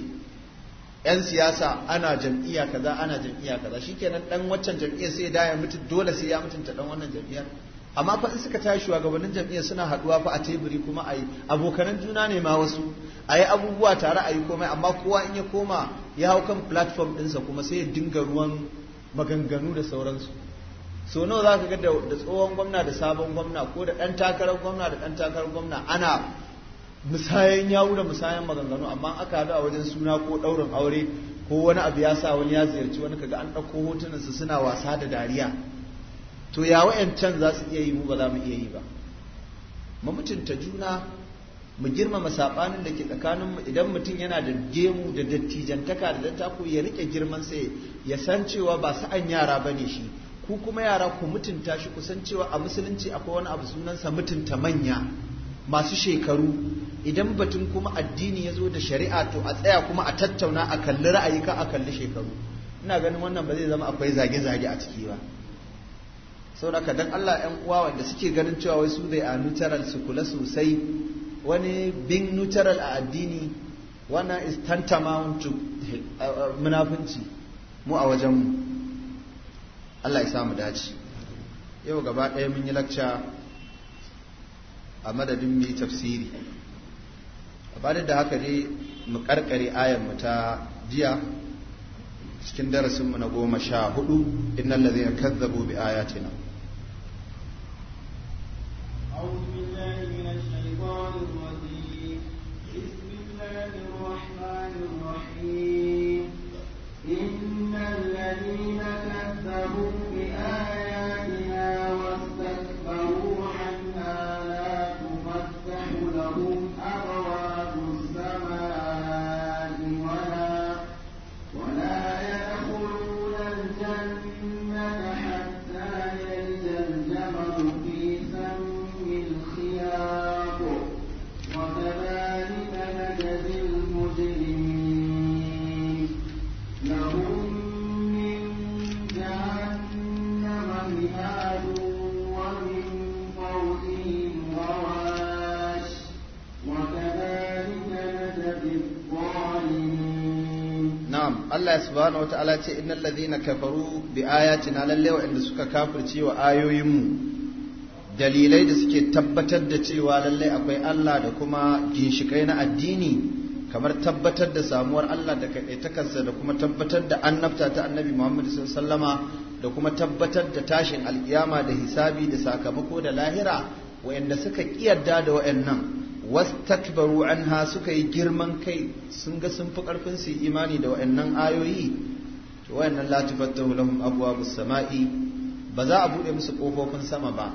yan siyasa ana jam'iyya kaza ana jam'iyya kaza shikenan dan waccan jam'iyyar sai da ya mutu dole sai ya mutunta dan wannan jam'iyyar amma fa in suka tashi shugabannin jam'iyyar suna haduwa fa a teburi kuma ayi abokanan juna ne ma wasu ayi abubuwa tare ayi komai amma kowa in ya koma ya hau kan platform ɗinsa kuma sai ya dinga ruwan maganganu da sauransu so nawa za ka ga da tsohon gwamna da sabon gwamna ko da ɗan takarar gwamna da ɗan takarar gwamna ana musayan yawu da musayan maganganu amma aka haɗu a wajen suna ko ɗaurin aure ko wani abu ya sa wani ya ziyarci wani kaga an ɗauko hotunansa suna wasa da dariya to ya wa'yancan za su iya yi mu ba za mu iya yi ba mu juna mu girmama saɓanin da ke tsakanin mu idan mutum yana da gemu da dattijantaka da dattako ya rike girman sai ya san cewa ba sa'an yara ba ne shi ku kuma yara ku mutunta shi ku san cewa a musulunci akwai wani abu sunansa mutunta manya masu shekaru idan batun kuma addini ya zo da shari'a to a tsaya kuma a tattauna a kalli ra'ayi ka a kalli shekaru ina ganin wannan ba zai zama akwai zage-zage a ciki ba saboda dan Allah 'yan uwa wanda suke ganin cewa wai su dai a neutral su kula sosai wani bin neutral a addini wannan is tantamount to eh, eh, munafunci mu a wajenmu Allah ya samu dace yau gaba ɗaya mun yi lakca a madadin mu tafsiri bada da haka dai mu karkare ayan mu ta jiya cikin darasin mu na goma sha hudu innal ladzina kazzabu bi ayatina أعوذ الرجيم subhanahu wataala ce innal ladhina kafaru bi ayatina lalle wa'anda suka kafirce wa ayoyinmu dalilai da suke tabbatar da cewa lallai akwai Allah da kuma ginshikai na addini kamar tabbatar da samuwar Allah da kaɗaitakarsa da kuma tabbatar da annabta ta annabi Muhammad sallama da kuma tabbatar da tashin alkiyama da hisabi da sakamako da lahira wayanda suka kiyarda da wayannan wastakbaru anha suka yi girman kai sun ga sun fi karfin su imani da wayannan ayoyi to wayannan la tufattahu lahum abwabus sama'i ba za a bude musu kofofin sama ba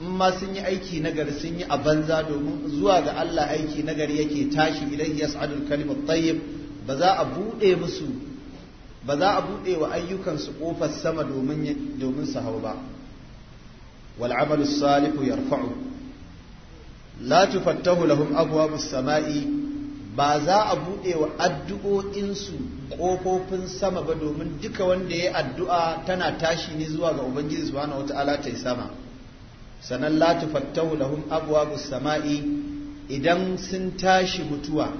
in ma sun yi aiki nagari sun yi a banza domin zuwa ga Allah aiki na gari yake tashi idan yas'adul kalimat tayyib ba za a bude musu ba za a bude wa ayyukan su kofar sama domin domin su hau ba wal amalu salihu yarfa'u la tufattahu lahum abwabus sama'i ba za a buɗe wa addu'o'insu ƙofofin sama ba domin duka wanda ya addu'a tana tashi ne zuwa ga ubangiji subhanahu wata'ala ta yi sama sanan la tufattahu lahum abwabus sama'i idan sun tashi mutuwa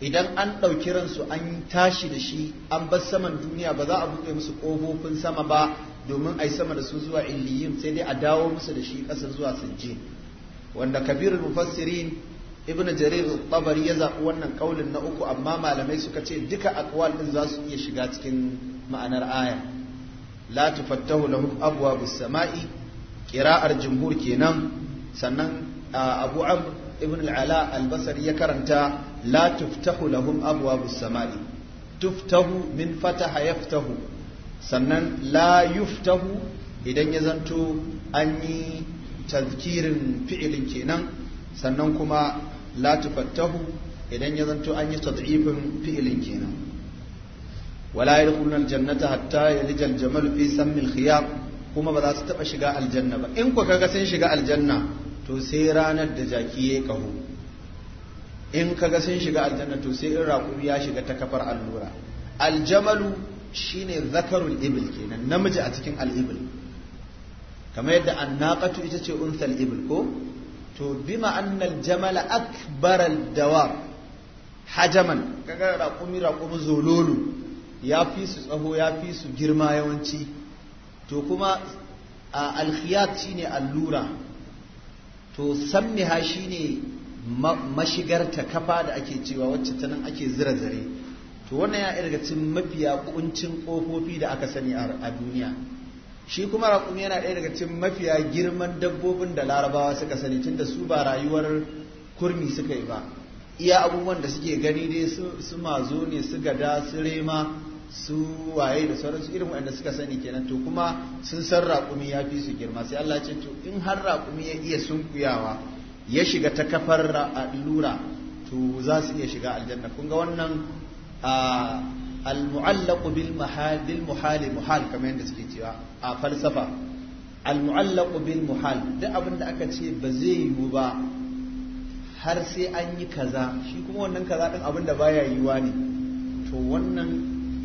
idan an ɗauki ransu an tashi da shi an bar saman duniya ba za a buɗe musu ƙofofin sama ba domin a sama da su zuwa illiyin sai dai a dawo musu da shi ƙasa zuwa sujje wanda kabirul mufassirin ibn jarir tabari ya zaɓi wannan kaulin na uku amma malamai suka ce duka aqwal din za su iya shiga cikin ma'anar aya la tufattahu lahum abwabus sama'i qira'ar jumhur kenan sannan abu amr ibn al-ala al-basri ya karanta la tuftahu lahum abwabus sama'i tuftahu min fataha yaftahu sannan la yuftahu idan ya zanto an yi tazkirin fi'ilin kenan sannan kuma la tufattahu idan ya zanto an yi tad'ifin fi'ilin kenan wala yadkhuluna aljannata hatta yalija aljamal fi sammi alkhiyar kuma ba za su taba shiga aljanna ba in ku kaga sun shiga aljanna to sai ranar da jaki yayi kaho in kaga sun shiga aljanna to sai in raƙumi ya shiga ta kafar allura aljamalu shine zakarul ibil kenan namiji a cikin al kamar yadda annaqatu ita ce unsal ibil ko to bima annal jamala akbar dawar hajaman kaga raƙumi raƙumi zololu ya fi su tsaho ya fi su girma yawanci to kuma al alkhiyat shine allura to ha shine mashigarta kafa da ake cewa wacce ta nan ake zira zare to wannan ya daga cikin mafiya kuncin kofofi da aka sani a duniya shi kuma raƙumi yana ɗaya daga cikin mafiya girman dabbobin da larabawa suka sani tun da su ba rayuwar kurmi suka yi ba iya abubuwan da suke gani dai su mazo ne su gada su rema su waye da sauransu irin waɗanda suka sani kenan to kuma sun san raƙumi ya fi su girma sai Allah ce to in har raƙumi ya iya sunkuyawa ya shiga ta kafar lura to za su iya shiga aljanna kun ga wannan ah, al-mu'allaqu bil mahal bil muhal kamar yadda suke cewa a falsafa al-mu'allaqu bil muhal duk abin da aka ce ba zai yiwu ba har sai an yi kaza shi kuma wannan kaza din abin da baya yiwuwa ne to wannan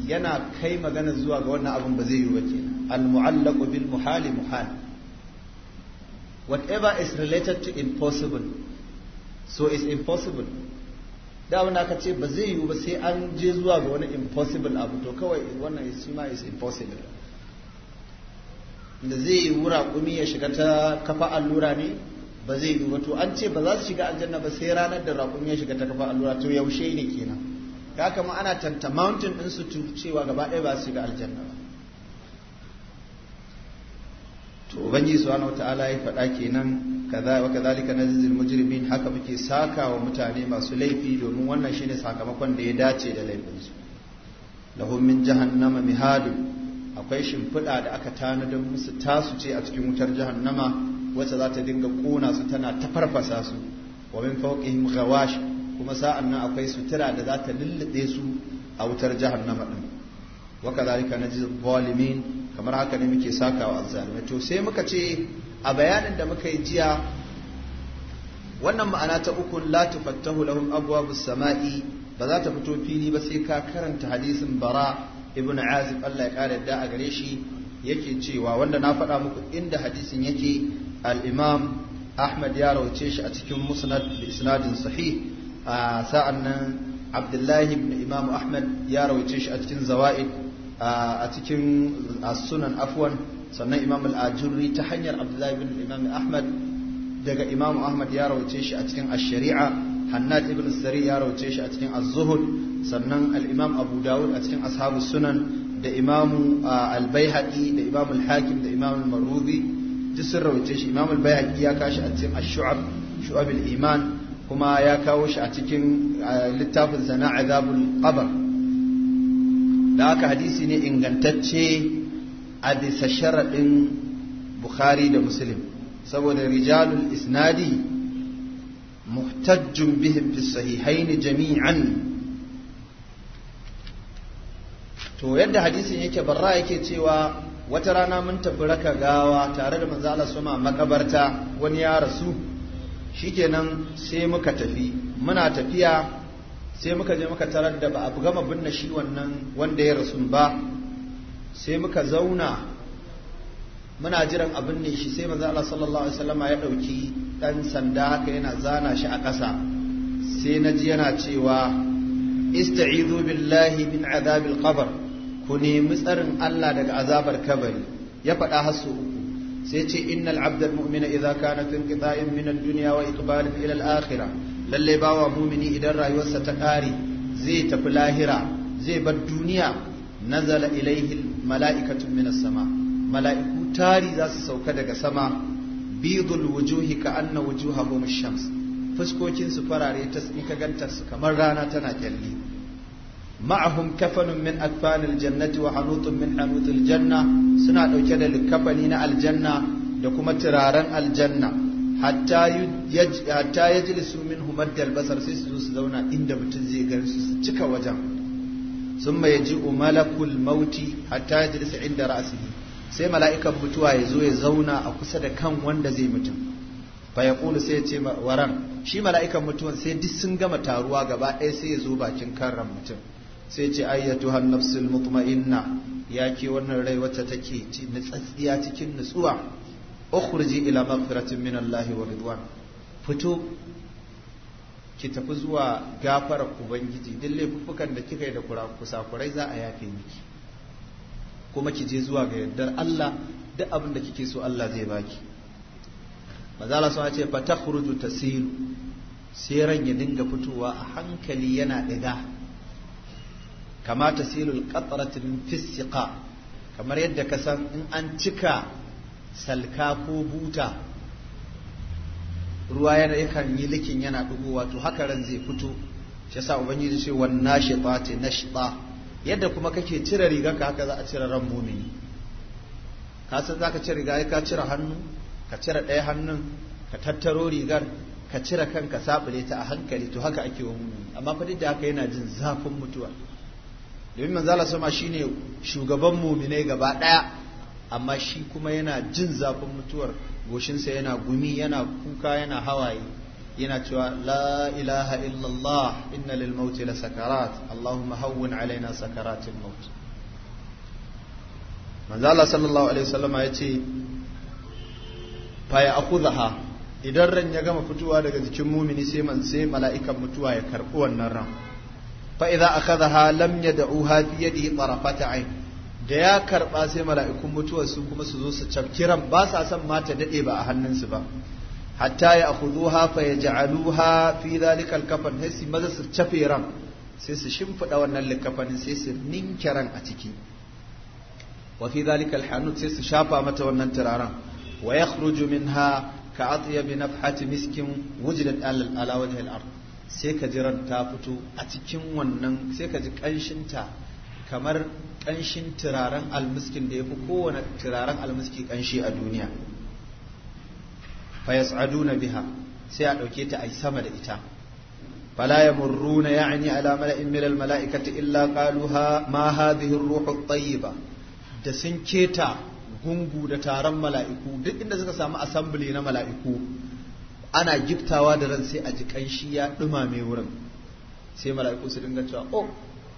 yana kai magana zuwa ga wannan abin ba zai yiwu ba kenan al-mu'allaqu bil muhali muhal whatever is related to impossible so is impossible da wanda aka ce ba zai yiwu ba sai an je zuwa ga wani impossible abu to kawai wannan shi ma is impossible da zai yi wura ya shiga ta kafa allura ne ba zai yiwu ba to an ce ba za su shiga aljanna ba sai ranar da raƙumi ya shiga ta kafa allura to yaushe ne kenan ya kama ana tanta mountain din su cewa gaba ɗaya ba su shiga aljanna ba to ubangiji subhanahu wataala ya faɗa kenan kaza wa kadhalika najzil mujrimin haka muke saka wa mutane masu laifi domin wannan shine sakamakon da ya dace da laifinsu lahum min jahannama mihad akwai shimfiɗa da aka tanadar musu tasu ce a cikin wutar jahannama wacce za ta dinga kona su tana ta farfasa su wa min fawqihim ghawash kuma sa'an nan akwai sutura da za ta lullube su a wutar jahannama din wa kadhalika najzil zalimin kamar haka ne muke sakawa azzalimai to sai muka ce a bayanin da muka yi jiya wannan ma'ana ta uku la tufattahu lahum abwabus sama'i ba za ta fito fili ba sai ka karanta hadisin bara ibn azib Allah ya kare da a gare shi yake cewa wanda na faɗa muku inda hadisin yake al-imam Ahmad ya rawace shi a cikin musnad bi isnadin sahih sa'an nan Abdullahi ibn Imam Ahmad ya rawace shi a cikin zawaid a cikin as-sunan afwan sannan imam al ta hanyar abdullahi bin imam ahmad daga imam ahmad ya rawace shi a cikin ash-shari'a hannat ibn sari ya rawace shi a cikin az sannan al'imam imam abu dawud a cikin ashabus sunan da imam al-baihaqi da imam al-hakim da imam al marubi duk sun shi imam al-baihaqi ya kashi a cikin ash-shu'ab shu'ab iman kuma ya kawo shi a cikin littafin sana azabul qabr da haka hadisi ne ingantacce a bisa sharaɗin bukhari da muslim saboda rijalul isnadi muhtajjun bihim fi sahihaini jami'an to yadda hadisin yake barra yake cewa wata rana mun tafi raka gawa tare da manzo suma makabarta wani ya rasu shikenan sai muka tafi muna tafiya sai muka je muka tarar da ba a gama binne shi wannan wanda ya rasu ba sai muka zauna muna jiran abin ne shi sai manzo Allah sallallahu alaihi wasallama ya dauki dan sanda haka yana zana shi a ƙasa sai naji yana cewa ista'izu billahi min azabil qabr ku nemi tsarin Allah daga azabar kabari ya faɗa hasu uku sai ce innal abdal mu'mina idza kana fi inqita'in min ad-dunya wa iqbalin ila al-akhirah lalle bawa mu'mini idan rayuwarsa ta kare zai tafi lahira zai bar duniya nazala ilaihi mala'ikatun minas sama mala'iku tari za su sauka daga sama bidul wujuhi ka anna wujuhahum shams fuskokin su farare ta in ka ganta su kamar rana tana kyalli ma'ahum kafanun min akfanil jannati wa hanutun min hanutil janna suna dauke da likafani na aljanna da kuma turaren aljanna hatta yajlisu min humar dalbasar sai su zo su zauna inda mutum zai gan su cika wajen summa yaji'u malakul mauti hatta yajlisa inda ra'sihi sai mala'ikan mutuwa ya zo ya zauna a kusa da kan wanda zai mutum fa yaqulu sai ya ce waran shi mala'ikan mutuwan sai duk sun gama taruwa gaba ɗaya sai ya zo bakin karran mutum sai ya ce ayyatuhan nafsul mutma'inna ya ke wannan rai wacce take nutsatsiya cikin nutsuwa ukhruji ila maghfiratin min Allah wa ridwan fito ki tafi zuwa gafara ubangiji duk laifuffukan da kika yi da kusakurai za a yafe miki kuma ki je zuwa ga yardar Allah duk abin da kike so Allah zai baki mazala sun ce fa takhruju tasilu sai ran ya dinga fitowa a hankali yana diga kama tasilu alqatratu min fisiqa kamar yadda ka san in an cika salka ko buta ruwa yana yakan yi likin yana dubuwa to haka ran zai fito shi yasa ubangiji ce wan nashitati nashita yadda kuma kake cire riga ka haka za a cire ran mumini ka san zaka cire riga ka cire hannu ka cire ɗaya hannun ka tattaro rigar ka cire kanka sabule ta a hankali to haka ake wa mumini amma fa duk da haka yana jin zafin mutuwa domin manzala sama shine shugaban muminai gaba ɗaya. amma shi kuma yana jin zafin mutuwar goshinsa yana gumi yana kuka yana hawaye yana cewa la ilaha illallah inna lil mauti la sakarat allahumma hawwin alaina sakaratil maut manzo Allah sallallahu alaihi wasallam ya ce fa ya idan ran ya gama fitowa daga jikin mumini sai man sai mala'ikan mutuwa ya karbi wannan ran fa idza akhadha lam yad'uha fi yadihi tarafata ayn da ya karba sai mala'ikun mutuwar su kuma su zo su cafki ran ba sa son ma ta dade ba a hannunsu ba hatta ya akhudhuha fa yaj'aluha fi dhalika kafan sai maza su cafe ran sai su shimfida wannan likafanin sai su ninke ran a ciki wa fi dhalika hanut sai su shafa mata wannan turaren wa yakhruju minha ka atyabi nafhati miskin wujidat ala wajhi al-ard sai ka ji ran ta fito a cikin wannan sai ka ji kanshin ta kamar kanshin turaren almiskin da ya fi kowane turaren almiski kanshi a duniya fayas aduna biha sai a ɗauke ta a yi sama da ita fala ya murruna ya ani ala mala'in milal mala'ikata illa qalu ma hadhihi ruhu tayyiba da sun keta gungu da taron mala'iku duk inda suka samu asambili na mala'iku ana giftawa da ran sai a ji kanshi ya dumame wurin sai mala'iku su dinga cewa oh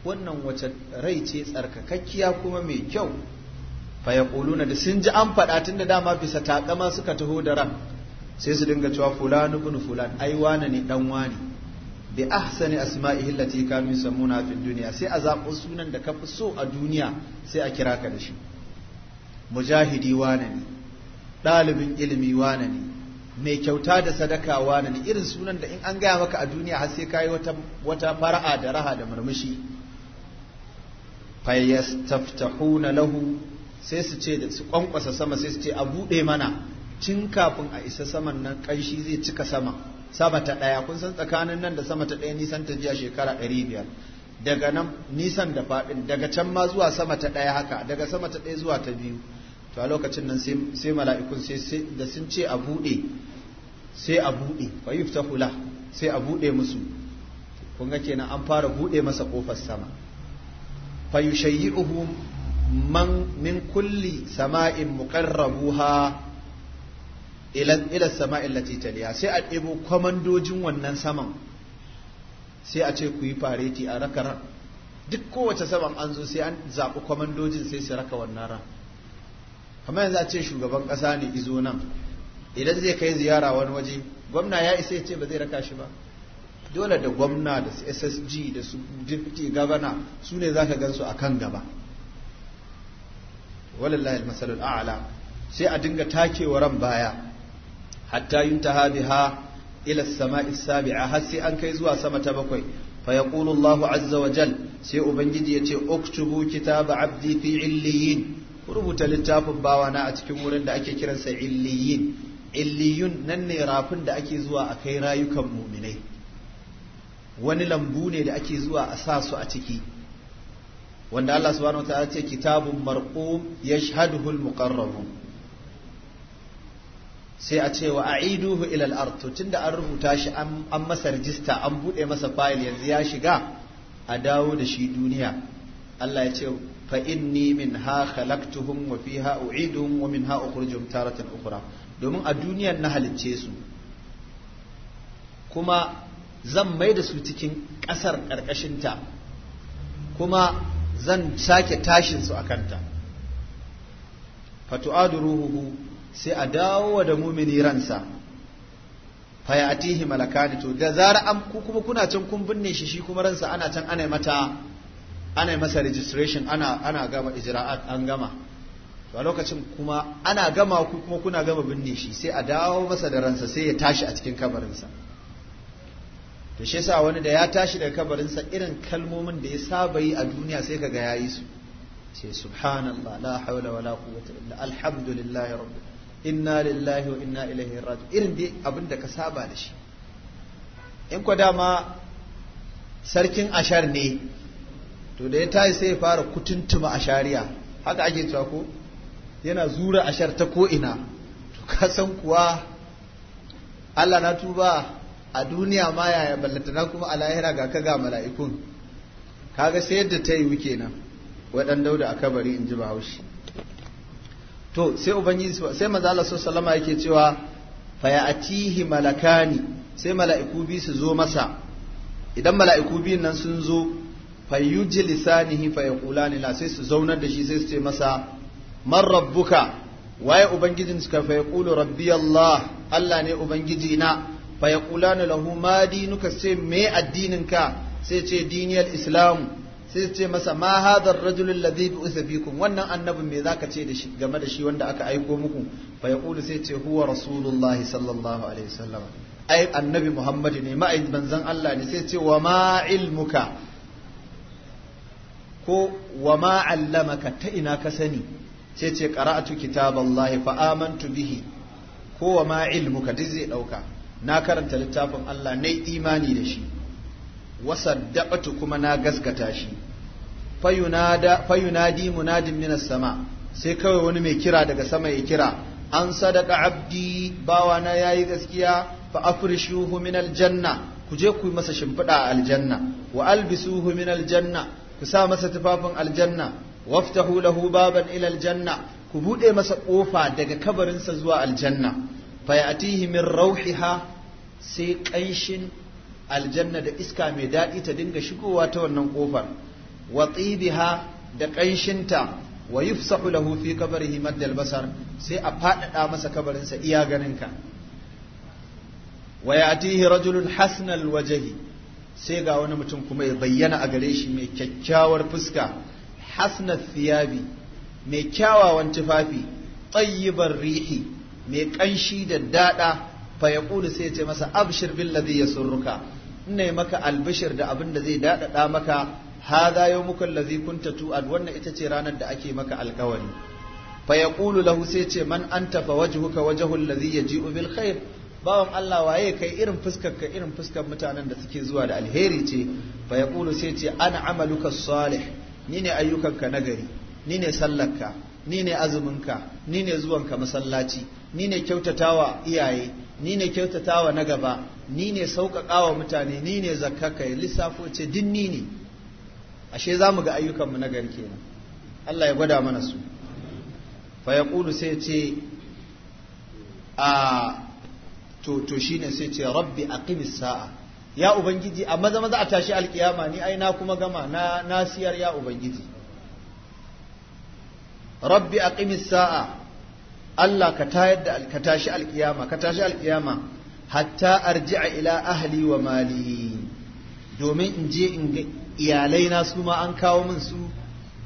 wannan wace rai ce tsarkakakkiya kuma mai kyau fa kuluna da sun ji an faɗa da dama bisa taƙama suka taho da ran sai su dinga cewa fulani bin fulan ai wane ne dan wane bi ahsani asma'i allati kanu yusammuna fi dunya sai a zaɓo sunan da kafi so a duniya sai a kira ka da shi mujahidi wane ne ɗalibin ilimi wane ne mai kyauta da sadaka wane ne irin sunan da in an gaya maka a duniya har sai kayi wata wata fara'a da raha da murmushi fayastaftahuna lahu sai su ce su kwankwasa sama sai su ce a buɗe mana tun kafin a isa saman nan ƙanshi zai cika sama sama ta ɗaya kun san tsakanin nan da sama ta ɗaya nisan ta jiya shekara ɗari biyar daga nan nisan da faɗin daga can ma zuwa sama ta ɗaya haka daga sama ta ɗaya zuwa ta biyu to a lokacin nan sai mala'ikun sai da sun ce a buɗe sai a buɗe fa yuftahu sai a buɗe musu kun ga kenan an fara buɗe masa kofar sama fayushayyi'uhu man min kulli sama'in muqarrabuha ila ila sama'in lati taliya sai a ɗebo kwamandojin wannan saman sai a ce ku yi fareti a raka ran duk kowace saman an zo sai an zaɓi kwamandojin sai su raka wannan ran kamar yanzu a ce shugaban ƙasa ne izo nan idan zai kai ziyara wani waje gwamna ya isa ya ce ba zai raka shi ba dole da gwamna da ssg da su deputy governor su ne za ka gansu a kan gaba walallahi masalul a'la sai a dinga takewa ran baya hatta yuntaha biha ila as-sama'i as-sabi'a har sai an kai zuwa sama ta bakwai fa yaqulu Allahu azza wa jal sai ubangiji yace uktubu kitaba abdi fi illiyin rubuta littafin bawana a cikin wurin da ake kiransa illiyin illiyun nan ne rafin da ake zuwa a kai rayukan muminai wani lambu ne da ake zuwa a sa su a ciki wanda Allah subhanahu wataala ce kitabun marqu yashhaduhu al-muqarrabun sai a ce wa a'iduhu ila al-ard to tunda an rubuta shi an masa rijista an bude masa fayil yanzu ya shiga a dawo da shi duniya Allah ya ce fa inni minha khalaqtuhum wa fiha u'iduhum wa minha ukhrijuhum taratan ukhra domin a duniyar na halicce su kuma zan mai da su cikin ƙasar ƙarƙashinta kuma zan sake tashin su a kanta fatu'adu ruhuhu sai a dawo da mumini ransa tihi malakani to da zara an kuma kuna can kun binne shi shi kuma ransa ana can ana mata ana masa registration ana gama ijra'at an gama to a lokacin kuma ana gama ku kuma kuna gama binne shi sai a dawo masa da ransa sai ya tashi a cikin kabarinsa to shi yasa wani da ya tashi daga kabarinsa irin kalmomin da ya saba yi a duniya sai kaga yayi su sai subhanallah la hawla wala quwwata illa alhamdulillahi rabbil inna lillahi wa inna ilaihi raji irin dai abin da ka saba da shi in ko dama sarkin ashar ne to da ya tashi sai ya fara kutuntuma ashariya haka ake cewa ko yana zura ashar ta ko ina to ka san kuwa Allah na tuba a duniya ma yaya na kuma a lahira ga ka ga mala'ikun kaga sai yadda ta wuke kenan waɗan dauda a kabari in ji bahaushe to sai ubangiji sai manzo Allah sallama yake cewa fayatihi malakani sai mala'iku bi su zo masa idan mala'iku biyun nan sun zo fayyuji lisanihi fayaqulani la sai su zaunar da shi sai su ce masa man rabbuka waye ubangijinka fayaqulu rabbi Allah Allah ne na. fa yaqulana lahu ma dinuka sai me addinin ka sai ce diniyal islam sai ce masa ma hadha ar-rajul alladhi bu'itha wannan annabin me zaka ce da shi game da shi wanda aka aiko muku fa yaqulu sai ce huwa rasulullahi sallallahu alaihi wasallam ai annabi muhammad ne ma'ai manzon Allah ne sai ce wa ma ilmuka ko wa ma allamaka ta ina ka sani sai ce qara'atu kitaballahi fa amantu bihi ko wa ma ilmuka duk zai dauka na karanta littafin Allah na imani da shi wasaddaqtu kuma na gaskata shi fayunada fayunadi munadin minas sama sai kawai wani mai kira daga sama ya kira an sadaka abdi bawa na yayi gaskiya fa afrishuhu min aljanna ku je ku masa shimfiɗa a aljanna wa albisuhu min aljanna ku sa masa tufafin aljanna waftahu lahu baban ila aljanna ku buɗe masa ƙofa daga kabarinsa zuwa aljanna fayatihi min rauhiha sai ƙanshin aljanna da iska mai daɗi ta dinga shigowa ta wannan ƙofar wa tsibiha da ƙanshinta wa yufsahu lahu fi kabarihi maddal basar sai a faɗaɗa masa kabarinsa iya ganinka wa yatihi rajulun hasnal wajhi sai ga wani mutum kuma ya bayyana a gare shi mai kyakkyawar fuska hasnat thiyabi mai kyawawan tufafi tsayyibar rihi mai ƙanshi da daɗa fa ya sai ya ce masa abshir bil ladhi yasurruka ina maka albishir da abin da zai daɗaɗa maka hadha muka allazi kunta tu'ad wannan ita ce ranar da ake maka alƙawari fa yaqulu lahu sai ce man anta fa wajhuka wajhu allazi yaji'u bil khair bawan Allah waye kai irin fuskar ka irin fuskar mutanen da suke zuwa da alheri ce fa yaqulu sai ce ana amaluka salih ni ne ayyukanka nagari ni ne sallarka ni ne azuminka ni ne zuwanka masallaci ni ne kyautatawa iyaye ni ne kyautatawa na gaba ni ne sauƙaƙawa mutane ni ne zakkaka ya lissafo ce din ni ne ashe za mu ga ayyukanmu na gari kenan Allah ya gwada mana su fa ya ƙulu sai ce a to shi ne sai ce rabbi ƙimis sa'a ya ubangiji a maza maza a tashi alkiyama ni aina kuma gama na siyar ya ubangiji rabbi ƙimis sa'a Allah ka tayar da ka tashi alkiyama ka tashi alkiyama hatta arji'a ila ahli wa mali domin in je in ga iyalai na su ma an kawo min su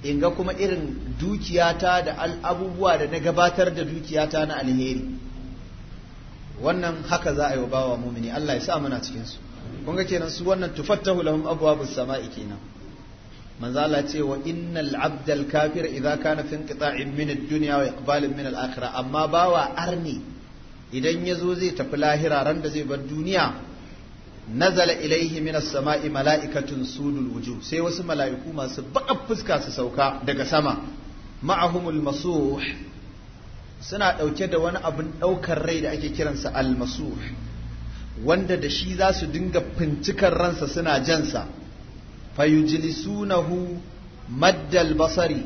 in ga kuma irin dukiyata da abubuwa da na gabatar da dukiyata na alheri wannan haka za a yi wa bawa mumini Allah ya sa muna cikin su kun ga kenan su wannan tufattahu lahum abwabus sama'i kenan manzala ce wa innal abdal kafir idza kana fi inqita'in min ad-dunya wa iqbalin min al-akhirah amma bawa arni idan yazo zai tafi lahira ran da zai bar duniya nazala ilaihi min as-sama'i mala'ikatun sudul wujuh sai wasu mala'iku masu baa fuska su sauka daga sama ma'ahumul masuh suna ɗauke da wani abin ɗaukar rai da ake kiransa al-masuh wanda da shi za su dinga fincikar ransa suna jansa fayujlisunahu maddal basari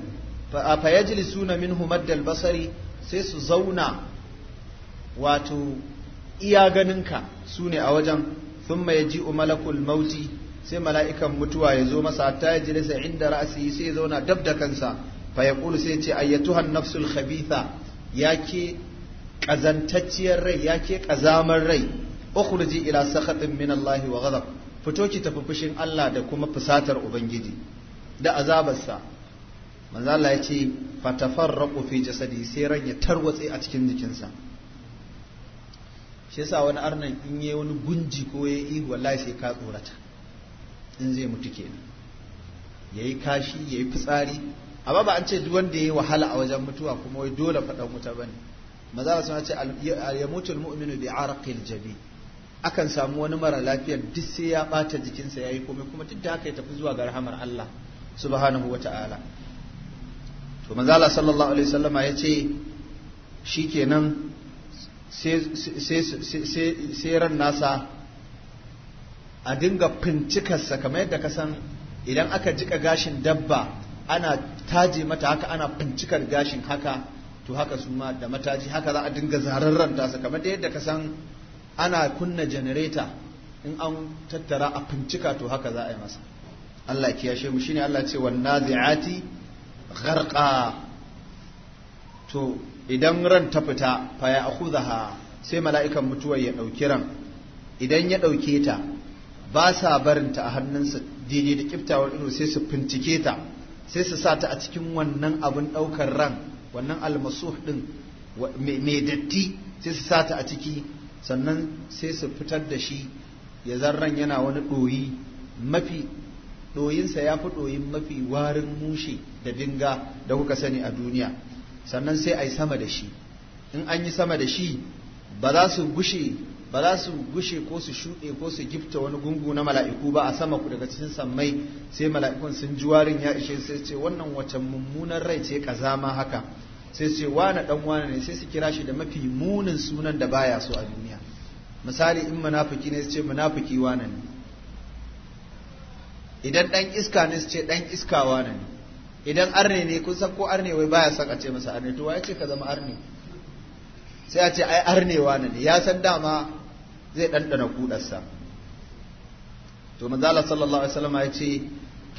fayajlisuna minhu maddal basari sai su zauna wato iyaganinka su ne a wajen thumma yaji'u malakul mauti sai mala'ikan mutuwa ya zo masa hatta ya jilisa inda ra'asi sai ya zauna dab kansa fa ya sai ce tuhan nafsul khabitha yake kazantacciyar rai ke kazamar rai ukhruji ila sakhatin min Allah wa ghadab fito ki tafi fushin Allah da kuma fusatar ubangiji da azabarsa manzo Allah ya ce fatafarraqu fi jasadi sai ran ya tarwatse a cikin jikinsa shi yasa wani arnan in yayi wani gunji ko yayi ihu wallahi sai ka tsorata in zai mutu kenan yayi kashi yayi fitsari amma ba an ce duk wanda yi wahala a wajen mutuwa kuma wai dole faɗan wuta bane maza ya ce al yamutul mu'minu bi arqil jabi akan samu wani mara lafiyar duk sai ya bata jikinsa ya yi komai kuma duk da haka ya tafi zuwa ga rahamar Allah subhanahu wata'ala to manzo Allah sallallahu alaihi wasallama ce shikenan sai ran nasa a dinga fincikarsa kamar yadda ka san idan aka jika gashin dabba ana taje mata haka ana fincikar gashin haka to haka su ma da mataji haka za a dinga zararren tasa kamar yadda ka san ana kunna janareta in an tattara a fincika to haka za a yi masa Allah kiyashe mu shine Allah ce wan nazi'ati gharqa to idan ran ta fita fa ya akhudha sai mala'ikan mutuwar ya dauki ran idan ya dauke ta ba sa barinta a hannunsa daidai da kiftawar ido sai su fincike ta sai su sa ta a cikin wannan abin daukar ran wannan almasuh din mai datti sai su sa ta a ciki sannan sai su fitar da shi ya zarran yana wani ɗoyi mafi ɗoyinsa ya fi ɗoyin mafi warin mushe da dinga da kuka sani a duniya sannan sai a yi sama da shi in an yi sama da shi ba za su gushe ba za su gushe ko su shuɗe ko su gifta wani gungu na mala'iku ba a sama ku daga cikin sammai sai mala'ikun sun ji warin ya ishe sai ce wannan wacan mummunan rai ce kazama haka sai sai wane dan wane ne sai su kira shi da mafi munin sunan da baya so a duniya misali in munafiki ne su ce munafiki wane ne idan dan iska ne su ce dan iska wane ne idan arne ne kun san ko arne wai baya son a ce masa arne to wai ce ka zama arne sai a ce ai arne wane ne ya san dama zai dandana kudarsa to manzala sallallahu alaihi wasallam ya ce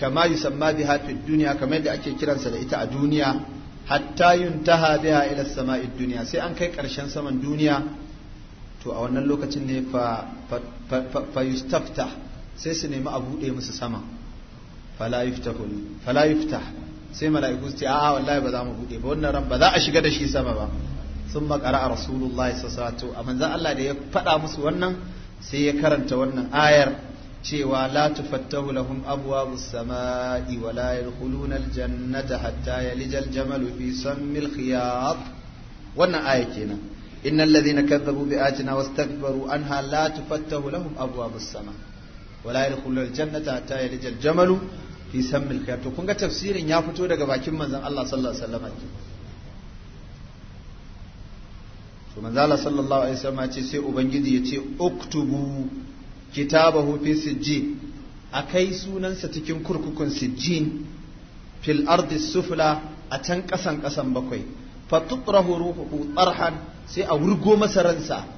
kama yusamma biha fi dunya kamar yadda ake kiransa da ita a duniya hatta yuntaha biha ila sama'id duniya sai an kai karshen saman duniya to a wannan lokacin ne fa fa yustafta sai su nemi a bude musu sama fala yuftah sai mala'iku su ce a wallahi ba za mu bude ba wannan ran ba za a shiga da shi sama ba sun makara a rasulullahi sassatu a manzan Allah da ya faɗa musu wannan sai ya karanta wannan ayar cewa la tufattahu lahum abwabus samai wa la yadkhuluna aljannata hatta yalijal jamalu fi sammil khiyat wannan aya kenan innal ladhina kadzabu bi ayatina wastakbaru anha la tufattahu lahum abwabus sama wa la yadkhuluna aljannata hatta yalijal jamalu fi sammil khiyat to kun tafsirin ya fito daga bakin manzon Allah sallallahu alaihi wasallam to manzon Allah sallallahu alaihi wasallam ya ce sai ubangiji ya ce uktubu kitabahu fi sijjin akai sunansa cikin kurkukun Sijin fil ardi sufla a can kasan kasan bakwai fatutrahu ruhuhu tarhan sai a wurgo masa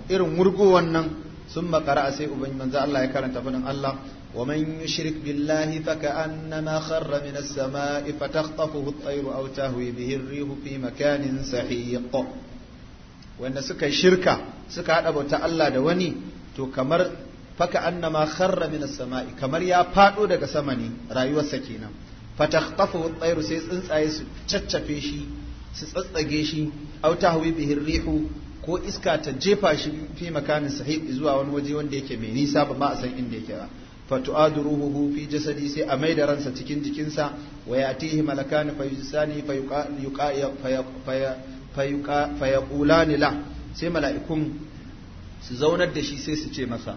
irin wurgo wannan sun makara sai ubangi manzo Allah ya karanta fadin Allah wa man yushrik billahi fa ka'annama kharra min as-sama'i fatakhtafuhu at-tayru suka shirka suka Allah da wani to kamar faka annama kharra min samai kamar ya fado daga sama ne rayuwarsa kenan fatakhtafu at-tayru sai tsuntsaye su caccafe shi su tsatsage shi aw tahwi bihi rihu ko iska ta jefa shi fi makanin sahih zuwa wani waje wanda yake mai nisa ba ma a san inda yake ba fatu'adu ruhuhu fi jasadi sai a da ransa cikin jikinsa wa yatihi malakan fa fayuqani la sai mala'ikun su zaunar da shi sai su ce masa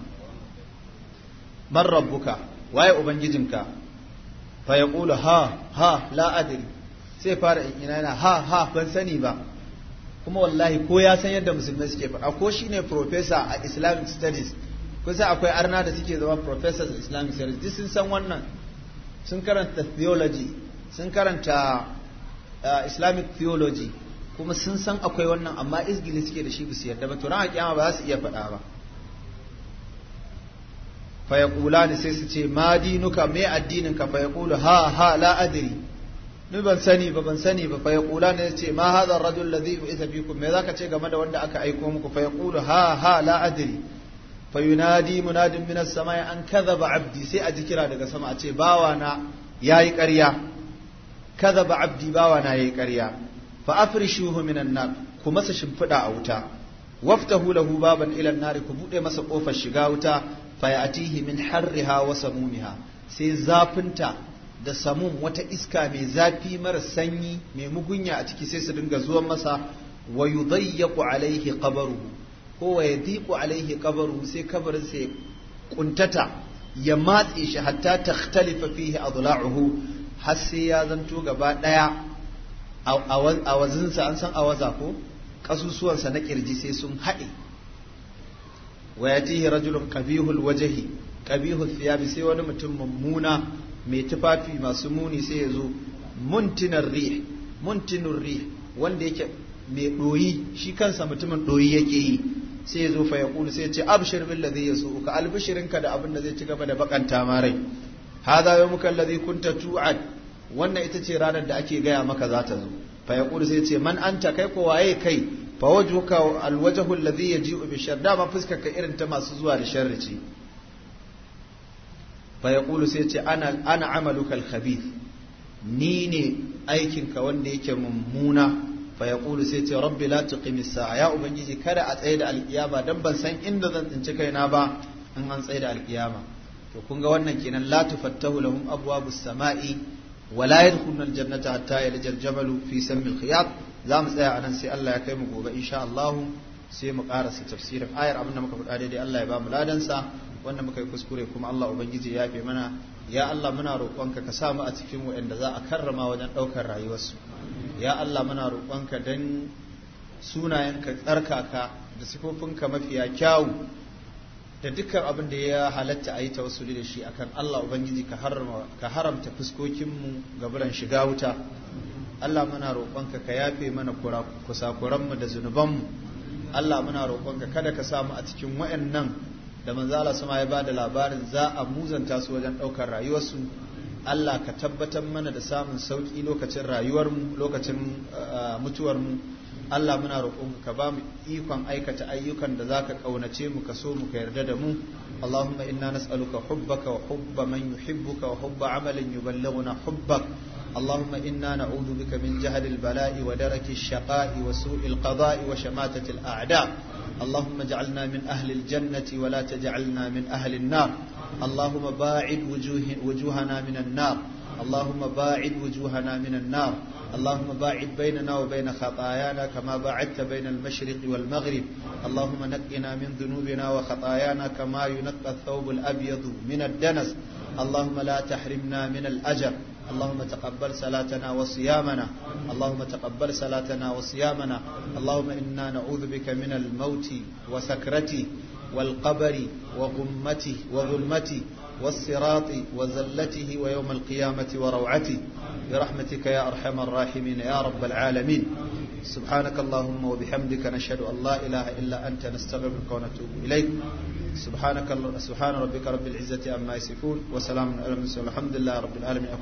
man rabbuka waye ubangijinka fa yaqulu ha ha la adri sai fara ina yana ha ha ban sani ba kuma wallahi ko ya san yadda musulmai suke faɗa ko shi ne professor a islamic studies ko kusa akwai arna da suke zama professors a islamic studies duk sun san wannan sun karanta theology sun karanta eh, islamic theology kuma sun san akwai wannan amma izgili suke da shi ba su yadda ba to ran kiyama ba za su iya faɗa ba fayakula yaqulani sai su ce ma dinuka me addinin ka fa ha ha la adri ni ban sani ba ban sani ba fayakula ne sai ce ma hadha ar-rajul ladhi u'itha bikum me zaka ce game da wanda aka aiko muku fa ha ha la adri fa yunadi munadin minas samai an kadhaba abdi sai a ji kira daga sama a ce bawana yayi ƙarya kadhaba abdi bawana yayi ƙarya fa afrishuhu minan nar ku masa shimfida a wuta waftahu lahu baban ila nari ku buɗe masa ƙofar shiga wuta fayatihi min harriha wa samumiha sai zafinta da samun wata iska mai zafi mara sanyi mai mugunya a ciki sai su dinga zuwan masa wa yudayyaqu alaihi qabruhu ko wa yadiqu alaihi qabruhu sai kabarin sai kuntata ya matse shi hatta takhtalifa fihi adla'uhu har sai ya zanto gaba daya a wazinsa an san awaza ko kasusuwansa na kirji sai sun haɗe wa yatihi rajulun kabihul wajhi kabihul thiyabi sai wani mutum mummuna mai tufafi masu muni sai ya zo muntinar rih muntinur rih wanda yake mai doyi shi kansa mutumin doyi yake yi sai ya zo fa ya sai ya ce abshir bil ladhi yasuuka albishirinka da abin da zai ci gaba da bakanta ma rai hadha yawmuka alladhi kunta tu'ad wannan ita ce ranar da ake gaya maka za ta zo fa ya kulu sai ya ce man anta kai ko waye kai fa wajhuka alwajhu alladhi yaji'u bi shar dama fuskar ka irin ta masu zuwa da sharri ce fa yaqulu sai ce ana ana amaluka alkhabith ni ne aikinka wanda yake mummuna fa yaqulu sai ce rabbi la as sa'a ya ubangiji kada a tsaye da alkiyama dan ban san inda zan tsinci kaina ba in an tsaye da alkiyama to kun ga wannan kenan la tufattahu lahum abwabus sama'i wa la yadkhuluna aljannata hatta yalja jabalu fi sammi khiyat za mu tsaya anan sai Allah ya kai mu gobe insha Allah sai mu karasa tafsirin ayar abinda muka faɗa daidai Allah ya ba mu ladansa wannan muka yi kuskure kuma Allah ubangiji ya yafe mana ya Allah muna roƙonka ka sa mu a cikin waɗanda za a karrama wajen ɗaukar rayuwarsu ya Allah muna roƙonka dan ka tsarkaka da sifofinka mafiya kyawu da dukkan abin da ya halatta a yi tawassuli da shi akan Allah ubangiji ka haramta fuskokinmu ga buran shiga wuta Allah muna roƙonka ka yafe mana kusakuranmu da zunubanmu Allah muna roƙonka kada ka samu a cikin wayannan da manzo Allah sama ya bada labarin za a muzanta su wajen ɗaukar rayuwarsu Allah ka tabbatar mana da samun sauƙi lokacin rayuwarmu lokacin eh, mutuwarmu Allah muna roƙonka ka ba mu ikon aikata ayyukan da za ka ƙaunace mu ka so mu ka yarda da mu Allahumma inna nas'aluka hubbaka wa hubba man yuhibbuka wa hubba amalin yuballighuna hubbak اللهم إنا نعوذ بك من جهل البلاء ودرك الشقاء وسوء القضاء وشماتة الأعداء اللهم اجعلنا من أهل الجنة ولا تجعلنا من أهل النار اللهم باعد وجوه وجوهنا من النار اللهم باعد وجوهنا من النار اللهم باعد بيننا وبين خطايانا كما باعدت بين المشرق والمغرب اللهم نقنا من ذنوبنا وخطايانا كما ينقى الثوب الأبيض من الدنس اللهم لا تحرمنا من الأجر اللهم تقبل صلاتنا وصيامنا اللهم تقبل صلاتنا وصيامنا اللهم إنا نعوذ بك من الموت وسكرتي والقبر وغمتي وظلمتي والصراط وزلته ويوم القيامة وروعته برحمتك يا أرحم الراحمين يا رب العالمين سبحانك اللهم وبحمدك نشهد أن لا إله إلا أنت نستغفرك ونتوب إليك سبحانك سبحان ربك رب العزة عما يصفون وسلام على المرسلين والحمد لله رب العالمين